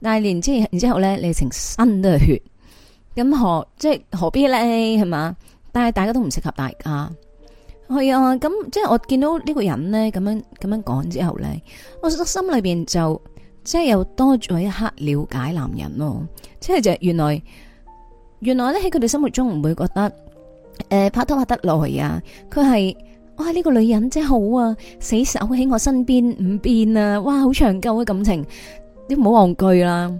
Speaker 1: 但係然之然之後呢你成身都係血，咁何即係何必呢？係嘛？但係大家都唔適合大家。係啊，咁即係我見到呢個人咧，咁樣咁樣講之後咧，我心心裏邊就即係又多咗一刻了解男人咯，即係就係原來原來咧喺佢哋心目中唔會覺得誒拍拖拍得耐啊，佢係哇呢個女人真係好啊，死守喺我身邊唔變啊，哇好長久嘅感情，你唔好戇居啦。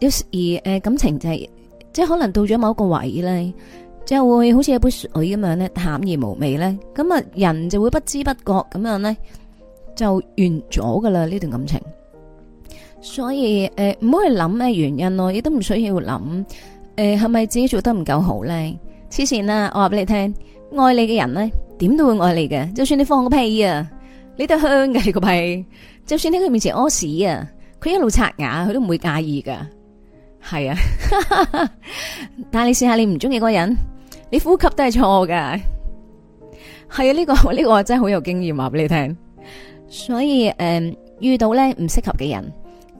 Speaker 1: 有而誒感情就係即係可能到咗某個位咧。就會好似一杯水咁樣咧，淡而無味咧，咁啊人就會不知不覺咁樣咧就完咗噶啦呢段感情。所以誒唔好去諗咩原因咯，亦都唔需要諗誒係咪自己做得唔夠好咧。黐線啦，我話俾你聽，愛你嘅人咧點都會愛你嘅，就算你放個屁啊，你都香嘅你個屁，就算喺佢面前屙屎啊，佢一路刷牙佢都唔會介意噶。係啊， (laughs) 但係你試下你唔中意嗰個人。你呼吸都係錯嘅，係啊！呢個呢個真係好有經驗話俾你聽。所以誒、呃，遇到咧唔適合嘅人，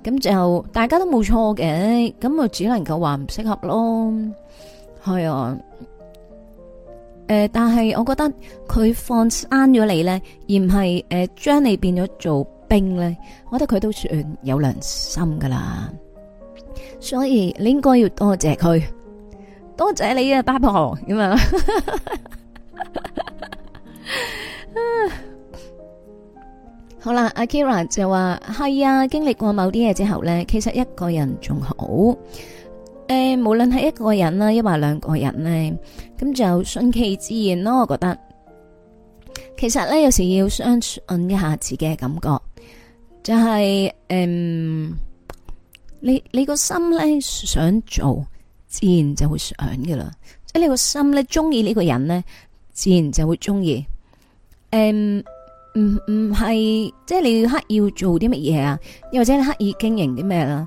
Speaker 1: 咁就大家都冇錯嘅，咁我只能夠話唔適合咯。係啊，誒、呃，但係我覺得佢放生咗你咧，而唔係誒將你變咗做兵咧，我覺得佢都算有良心噶啦。所以你應該要多謝佢。多謝你啊，八婆咁啊！ (laughs) 好啦，阿 Kira 就話係啊，經歷過某啲嘢之後呢，其實一個人仲好誒、呃，無論係一個人啦，抑或兩個人呢，咁就順其自然咯。我覺得其實呢，有時要相信一下自己嘅感覺，就係、是、誒、嗯，你你個心咧想做。自然就會想㗎喇。即係你，個心呢，中意呢個人呢，自然就會中意。em, 唔，唔係，即係，你刻意要做啲乜嘢呀？又或者即係，刻意經營啲咩呀？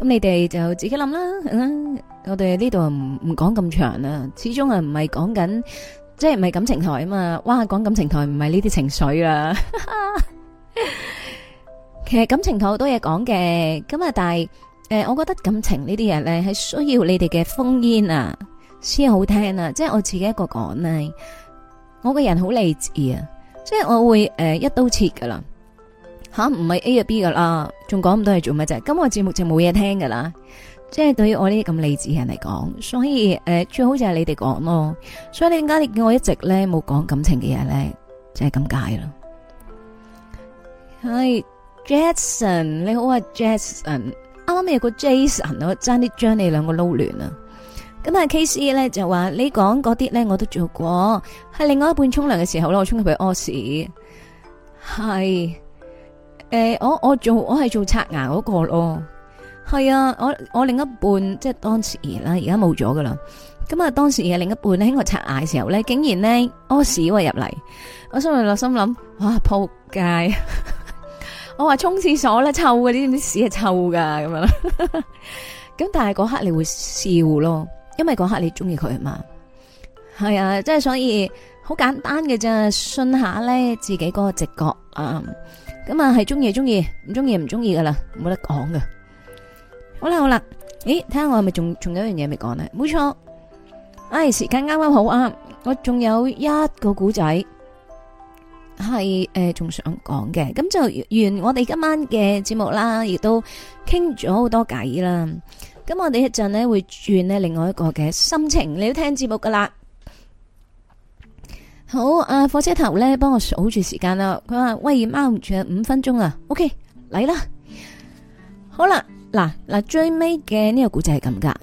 Speaker 1: 咁你哋就自己諗啦。我哋呢度唔唔講咁長啦，始終啊唔係講緊，即係唔係感情台啊嘛。哇，講感情台唔係呢啲情緒啊哈哈。其實感情台好多嘢講嘅，咁啊，但係誒、呃，我覺得感情呢啲嘢咧係需要你哋嘅烽煙啊先好聽啊。即係我自己一個講咧，我個人好理智啊，即係我會誒、呃、一刀切噶啦。吓唔係 A 啊 B 噶啦，仲講唔到係做乜啫？今我節目就冇嘢聽噶啦，即係對於我呢啲咁理智人嚟講，所以誒最好就係你哋講咯。所以你點解你叫我一直咧冇講感情嘅嘢咧，就係咁解咯。係 Jackson 你好啊 Jackson，啱啱咩有個 Jason 喎，爭啲將你兩個撈亂啊。咁啊 KC 咧就話你講嗰啲咧我都做過，係另外一半沖涼嘅時候咧，我沖佢去屙屎，係。誒、欸，我我做我係做刷牙嗰個咯，係啊，我我另一半即係當時啦，而家冇咗噶啦。咁啊，當時嘅另一半咧，喺我刷牙嘅時候咧，竟然咧屙屎喎入嚟，我心裡落心諗哇仆街， (laughs) 我話沖廁所啦，臭嗰啲啲屎係臭噶咁樣，咁 (laughs) 但係嗰刻你會笑咯，因為嗰刻你中意佢吖嘛，係啊，即係所以好簡單嘅啫，信下咧自己嗰個直覺啊。嗯咁啊，係中意係中意，唔中意係唔中意噶啦，冇得講噶。好啦好啦，誒，睇下我係咪仲仲有一樣嘢未講呢？冇錯，誒，時間啱啱好啊，我仲有一個古仔係誒仲想講嘅，咁就完我哋今晚嘅節目啦，亦都傾咗好多偈啦。咁我哋一陣呢會轉呢另外一個嘅心情，你都聽節目噶啦。好，阿、啊、火車頭咧，幫我數住時間啦。佢話威爾貓仲有五分鐘啊。OK，嚟啦。好啦，嗱嗱最尾嘅呢個故仔係咁噶，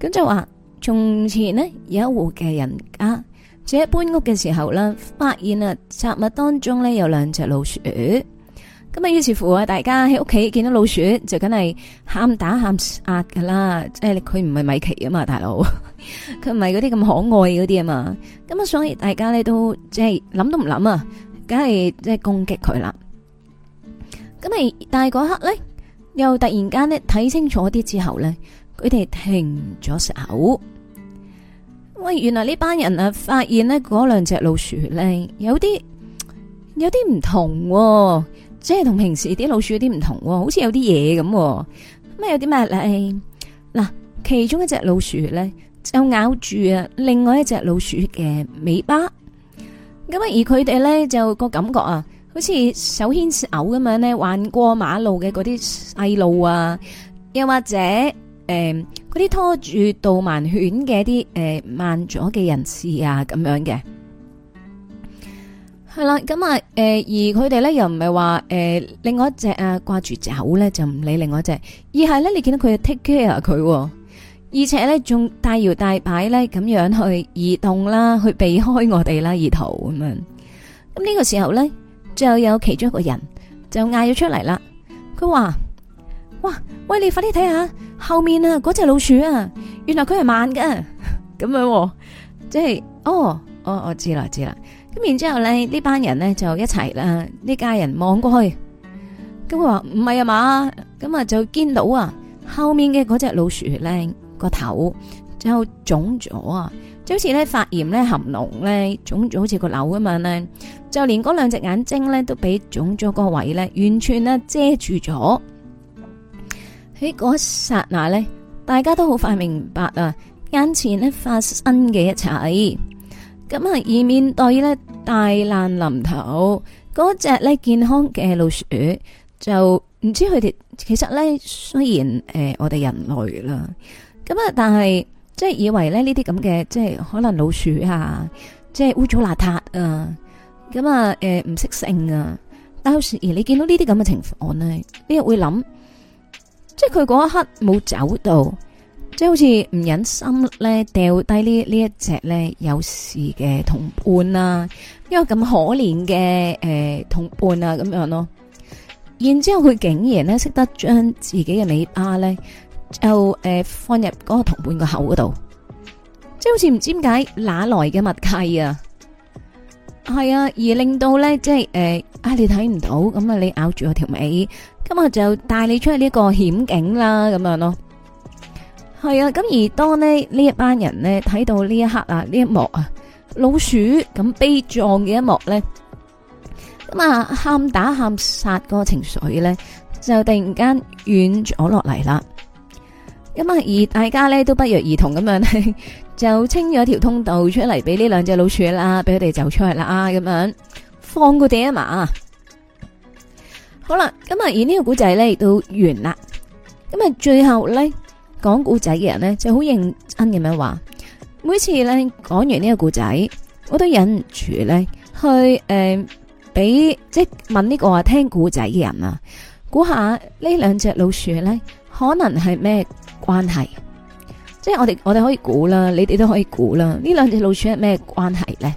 Speaker 1: 咁就話從前呢有一戶嘅人家，自己搬屋嘅時候咧，發現啊雜物當中咧有兩隻老鼠。咁啊！於是乎啊，大家喺屋企見到老鼠就梗係喊打喊殺噶啦。誒，佢唔係米奇啊嘛，大佬佢唔係嗰啲咁可愛嗰啲啊嘛。咁啊，所以大家咧都即係諗都唔諗啊，梗係即係攻擊佢啦。咁啊，但係嗰刻咧又突然間咧睇清楚啲之後咧，佢哋停咗手。喂，原來呢班人啊，發現咧嗰兩隻老鼠咧有啲有啲唔同喎。即係同平時啲老鼠有啲唔同，好似有啲嘢咁，咁啊有啲咩誒？嗱，其中一隻老鼠咧就咬住啊，另外一隻老鼠嘅尾巴。咁啊，而佢哋咧就個感覺啊，好似手牽手咁樣咧，橫過馬路嘅嗰啲細路啊，又或者誒，嗰啲拖住導盲犬嘅啲誒盲咗嘅人士啊，咁樣嘅。係啦，咁、呃呃、啊，誒，而佢哋咧又唔係話誒，另外一隻啊掛住走咧就唔理另外一隻，而係咧你見到佢 take care 佢，啊，而且咧仲大搖大擺咧咁樣去移動啦，去避開我哋啦意圖咁樣。咁呢個時候咧，最後有其中一個人就嗌咗出嚟啦，佢話，哇，喂，你快啲睇下後面啊，嗰隻老鼠啊，原來佢係慢嘅，咁 (laughs) 樣，啊，即係，哦，哦，我，我知啦，知啦。咁然之後咧，呢班人咧就一齊啦，呢家人望過去，咁佢話唔係啊嘛，咁啊就見到啊後面嘅嗰隻老鼠咧個頭就腫咗啊，就好似咧發炎咧含膿咧腫咗，好似個瘤咁樣咧，就連嗰兩隻眼睛咧都俾腫咗個位咧，完全咧遮住咗。喺嗰剎那咧，大家都好快明白啊，眼前咧發生嘅一切。咁啊，以面對咧大難臨頭嗰隻咧健康嘅老鼠就，就唔知佢哋其實咧雖然誒、呃，我哋人類啦，咁啊，但係即係以為咧呢啲咁嘅即係可能老鼠啊，即係污糟邋遢啊，咁啊誒唔識性啊，但係有時而你見到呢啲咁嘅情況咧，你又會諗，即係佢嗰一刻冇走到。即係好似唔忍心咧掉低呢呢一隻咧有事嘅同伴啊，一個咁可憐嘅誒、呃、同伴啊咁樣咯。然之後佢竟然咧識得將自己嘅尾巴咧就誒、呃、放入嗰個同伴個口嗰度，即係好似唔知點解哪來嘅默契啊？係啊，而令到咧即係誒啊你睇唔到，咁啊你咬住我條尾，咁我就帶你出去呢個險境啦咁樣咯。係啊，咁而當呢呢一班人呢睇到呢一刻啊呢一幕啊老鼠咁悲壯嘅一幕呢，咁啊喊打喊殺個情緒呢，就突然間軟咗落嚟啦。咁啊而大家呢都不約而同咁樣 (laughs) 就清咗條通道出嚟俾呢兩隻老鼠啦，俾佢哋走出嚟啦啊咁樣放佢哋一馬。好啦，咁啊而呢個古仔呢，亦都完啦。咁啊最後呢。講故仔嘅人咧就好認真咁樣話，每次咧講完呢個故仔，我都忍唔住咧去誒，俾、呃、即係問呢、這個話聽故仔嘅人啊，估下呢兩隻老鼠咧可能係咩關係？即係我哋我哋可以估啦，你哋都可以估啦，呢兩隻老鼠係咩關係咧？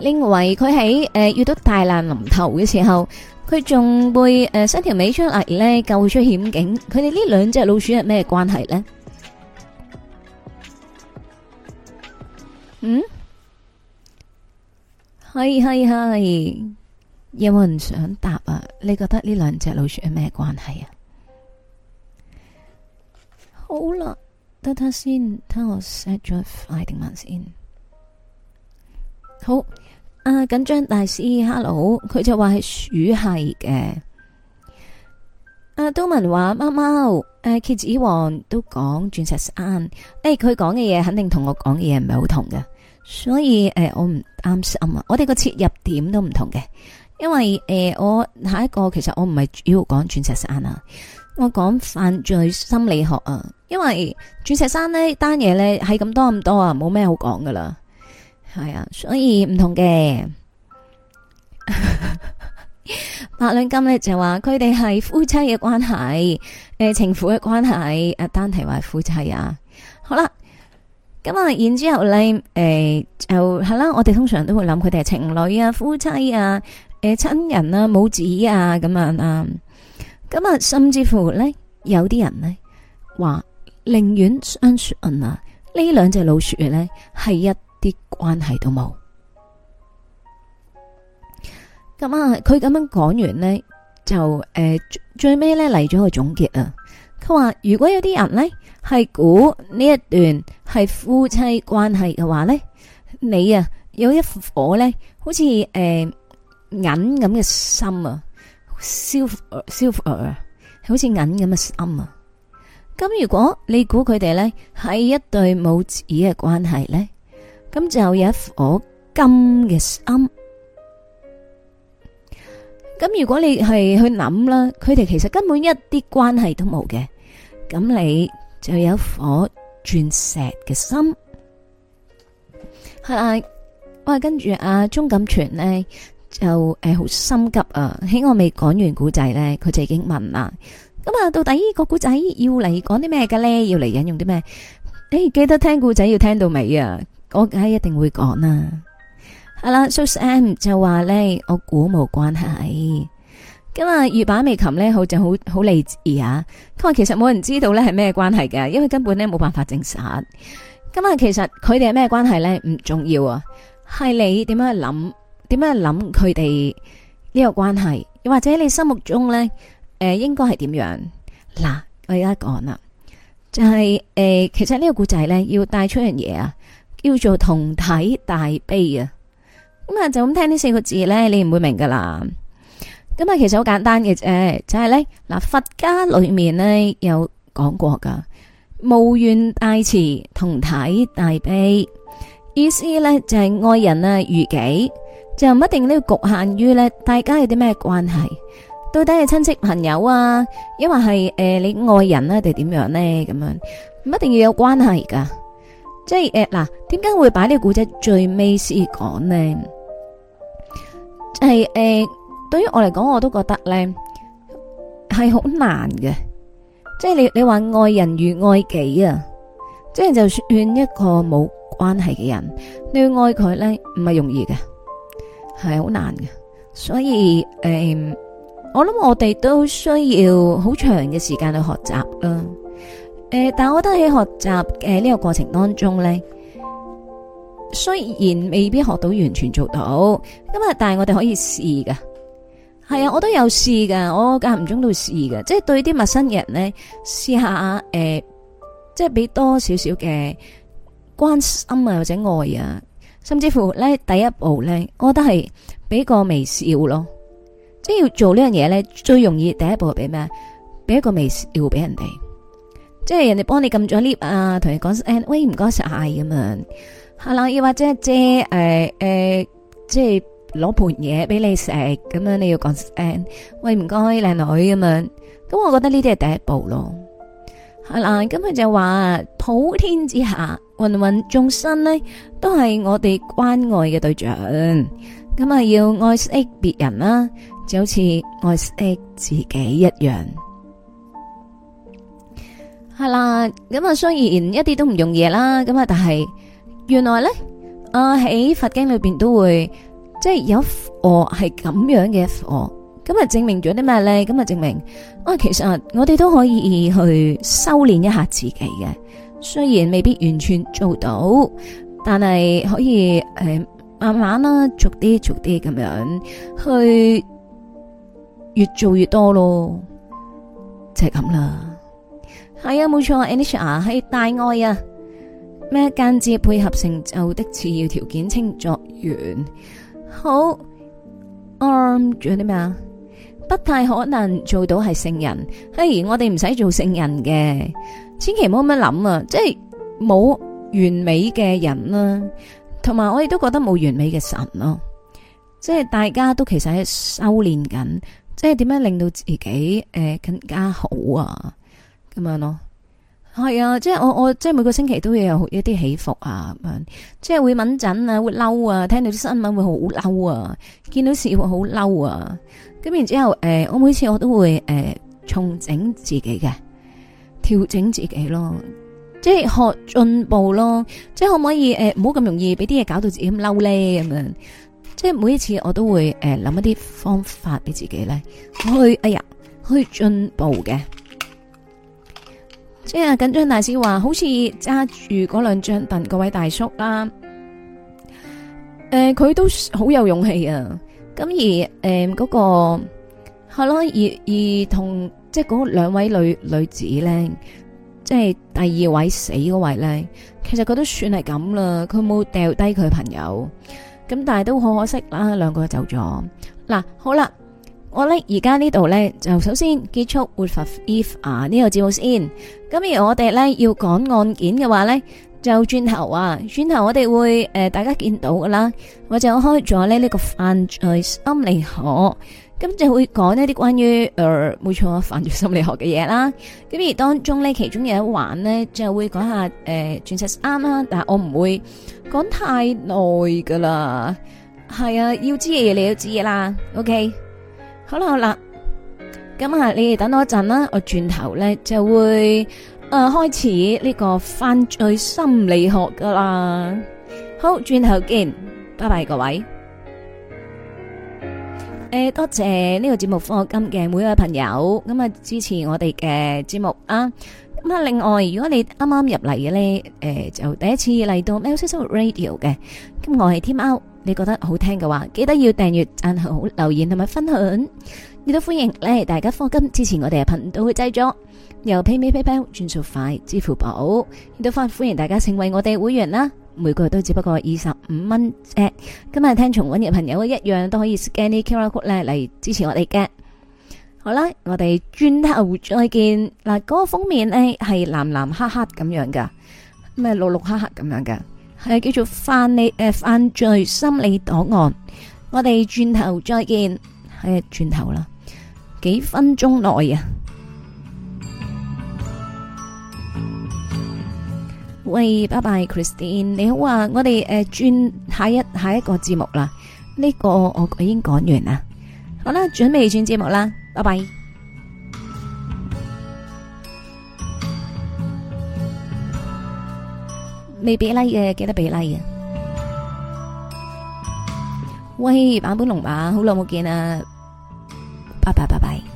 Speaker 1: 另外佢喺誒遇到大難臨頭嘅時候。佢仲會誒，伸條尾出嚟咧，救出險境。佢哋呢兩隻老鼠係咩關係咧？嗯，係係係，有冇人想答啊？你覺得呢兩隻老鼠係咩關係啊？好啦，等等先，睇我 set 咗快定慢先。好。啊！緊張大師，Hello，佢就話係鼠係嘅。阿、啊、都文話貓貓，誒，蠍、啊、子王都講鑽石山，誒、欸，佢講嘅嘢肯定我同我講嘅嘢唔係好同嘅，所以誒、欸，我唔擔心啊。我哋個切入點都唔同嘅，因為誒、欸，我下一個其實我唔係主要講鑽石山啊，我講犯罪心理學啊，因為鑽石山呢單嘢咧係咁多咁多啊，冇咩好講噶啦。係啊，所以唔同嘅 (laughs) 白兩金咧就話佢哋係夫妻嘅關係，誒、呃、情婦嘅關係。阿丹提話夫妻啊，好啦，咁啊，然之後咧，誒、呃、就係啦、啊。我哋通常都會諗佢哋係情侶啊、夫妻啊、誒、呃、親人啊、母子啊咁樣啊。咁、嗯、啊、嗯，甚至乎咧，有啲人咧話寧願相信啊，呢兩隻老鼠咧係一。啲關係都冇咁啊。佢咁樣講完咧，就誒最最尾咧嚟咗個總結啊。佢話如果有啲人咧係估呢一段係夫妻關係嘅話咧，你啊有一顆火咧，好似誒銀咁嘅心啊，燒燒啊，好似銀咁嘅心啊。咁如果你估佢哋咧係一對母子嘅關係咧？咁就有一顆金嘅心。咁如果你係去諗啦，佢哋其實根本一啲關係都冇嘅。咁你就有一顆鑽石嘅心。係啊，哇，跟住阿鍾錦泉咧就誒好心急啊，喺我未講完古仔咧，佢就已經問啦。咁啊，到底呢個古仔要嚟講啲咩嘅咧？要嚟引用啲咩？誒，記得聽古仔要聽到尾啊！我梗係一定會講啦、啊。係啦 s、so、u s a m 就話咧，我估冇關係。今日月板未琴咧，好就好好理智吓、啊。佢話其實冇人知道咧係咩關係嘅，因為根本咧冇辦法證實。今日其實佢哋係咩關係咧，唔重要啊。係你點樣去諗，點樣去諗佢哋呢個關係，又或者你心目中咧誒、呃，應該係點樣嗱？我而家講啦，就係、是、誒、呃，其實呢個故仔咧要帶出樣嘢啊。叫做同體大悲啊，咁啊就咁聽呢四個字咧，你唔會明噶啦。咁啊其實好簡單嘅啫，就係咧嗱，佛家裏面咧有講過噶，無緣大慈，同體大悲，意思咧就係、是、愛人啊如己，就唔一定都要局限於咧大家有啲咩關係，到底係親戚朋友啊，亦或係誒、呃、你愛人啊定點樣呢？咁樣，唔一定要有關係噶。即係誒，嗱、呃，點解會擺呢個古仔最尾先講咧？係、就、誒、是呃，對於我嚟講，我都覺得咧係好難嘅。即係你你話愛人如愛己啊，即係就算一個冇關係嘅人，你要愛佢咧，唔係容易嘅，係好難嘅。所以誒、呃，我諗我哋都需要好長嘅時間去學習啦。誒、呃，但係我覺得喺學習嘅呢個過程當中咧，雖然未必學到完全做到，咁但係我哋可以試噶，係啊，我都有試噶，我間唔中都會試噶，即係對啲陌生人咧，試下誒、呃，即係俾多少少嘅關心啊，或者愛啊，甚至乎咧第一步咧，我覺得係俾個微笑咯，即係要做呢樣嘢咧，最容易第一步係俾咩？俾一個微笑俾人哋。即係人哋幫你撳咗 lift 啊，同你講聲誒，喂唔該晒咁樣，係啦，又或者姐誒誒，即係攞盤嘢俾你食咁樣，你要講聲誒，喂唔該靚女咁樣，咁我覺得呢啲係第一步咯，係、嗯、啦，咁佢就話普天之下芸芸眾生咧，都係我哋關愛嘅對象，咁啊要愛惜別人啦、啊，就好似愛惜自己一樣。係啦，咁啊，雖然一啲都唔容易啦，咁啊，但係原來咧，啊喺佛經裏邊都會，即係有佛係咁樣嘅佛，咁啊，證明咗啲咩咧？咁啊，證明啊，其實我哋都可以去修煉一下自己嘅，雖然未必完全做到，但係可以誒、呃，慢慢啦，逐啲逐啲咁樣去越做越多咯，就係咁啦。係、哎、啊，冇錯，Anisha 係大愛啊。咩間接配合成就的次要條件稱作緣啱仲、um, 有啲咩啊？不太可能做到係聖人。嘿、hey，我哋唔使做聖人嘅，千祈唔好咁樣諗啊！即係冇完美嘅人啦、啊，同埋我哋都覺得冇完美嘅神咯、啊。即係大家都其實係修煉緊，即係點樣令到自己誒、呃、更加好啊！咁樣咯，係啊，即係我我即係每個星期都會有一啲起伏啊，咁樣，即係會敏感啊，會嬲啊，聽到啲新聞會好嬲啊，見到事會好嬲啊，咁然之後誒，我每次我都會誒重整自己嘅，調整自己咯，即係學進步咯，即係可唔可以誒，唔好咁容易俾啲嘢搞到自己咁嬲咧，咁樣，即係每一次我都會誒諗一啲方法俾自己咧，去哎呀，去進步嘅。即係緊張大師話，好似揸住嗰兩張凳嗰位大叔啦，誒，佢都好有勇氣啊！咁而誒嗰個，係咯，而而同即係嗰兩位女女子咧，即係第二位死嗰位咧，其實佢都算係咁啦，佢冇掉低佢朋友，咁但係都好可惜啦，兩個就走咗。嗱，好啦。我咧，而家呢度咧就首先結束 if 啊呢個節目先。咁而我哋咧要講案件嘅話咧，就轉頭啊，轉頭我哋會誒、呃、大家見到噶啦，或者我就開咗咧呢、這個犯罪心理學，咁就會講一啲關於誒冇錯啊犯罪心理學嘅嘢啦。咁而當中咧其中有一環咧就會講下誒鑽石啱啦，但係我唔會講太耐噶啦。係啊，要知嘅嘢你要知啦，OK。好啦好啦，咁啊，你哋等多一陣啦，我轉頭咧就會誒開始呢個犯罪心理學噶啦。好，轉頭見，拜拜各位。誒，多謝呢個節目課金嘅每一位朋友咁啊支持我哋嘅節目啊。咁啊，另外如果你啱啱入嚟嘅咧，誒就第一次嚟到喵式生活 Radio 嘅，咁我係天喵。你覺得好聽嘅話，記得要訂閱、讚好、留言同埋分享。亦都歡迎咧，大家課金支持我哋嘅頻道嘅製作。由 PayMe、PayPal 轉數快，支付寶亦都歡迎大家成為我哋會員啦。每個月都只不過二十五蚊啫。今日聽重溫嘅朋友一樣都可以 scan 啲 QR code 咧嚟支持我哋嘅。好啦，我哋轉頭再見。嗱，嗰個封面呢係藍藍黑黑咁樣噶，咩綠綠黑黑咁樣噶。係叫做犯理，誒，犯罪心理檔案，我哋轉頭再見，係轉頭啦，幾分鐘內啊！喂，拜拜，Christine，你好啊！我哋誒，轉下一下一個節目啦，呢個我我已經講完啦，好啦，準備轉節目啦，拜拜。未俾禮嘅，記得俾禮啊？喂，阿本龍馬，好耐冇見啊，拜拜拜拜。拜拜。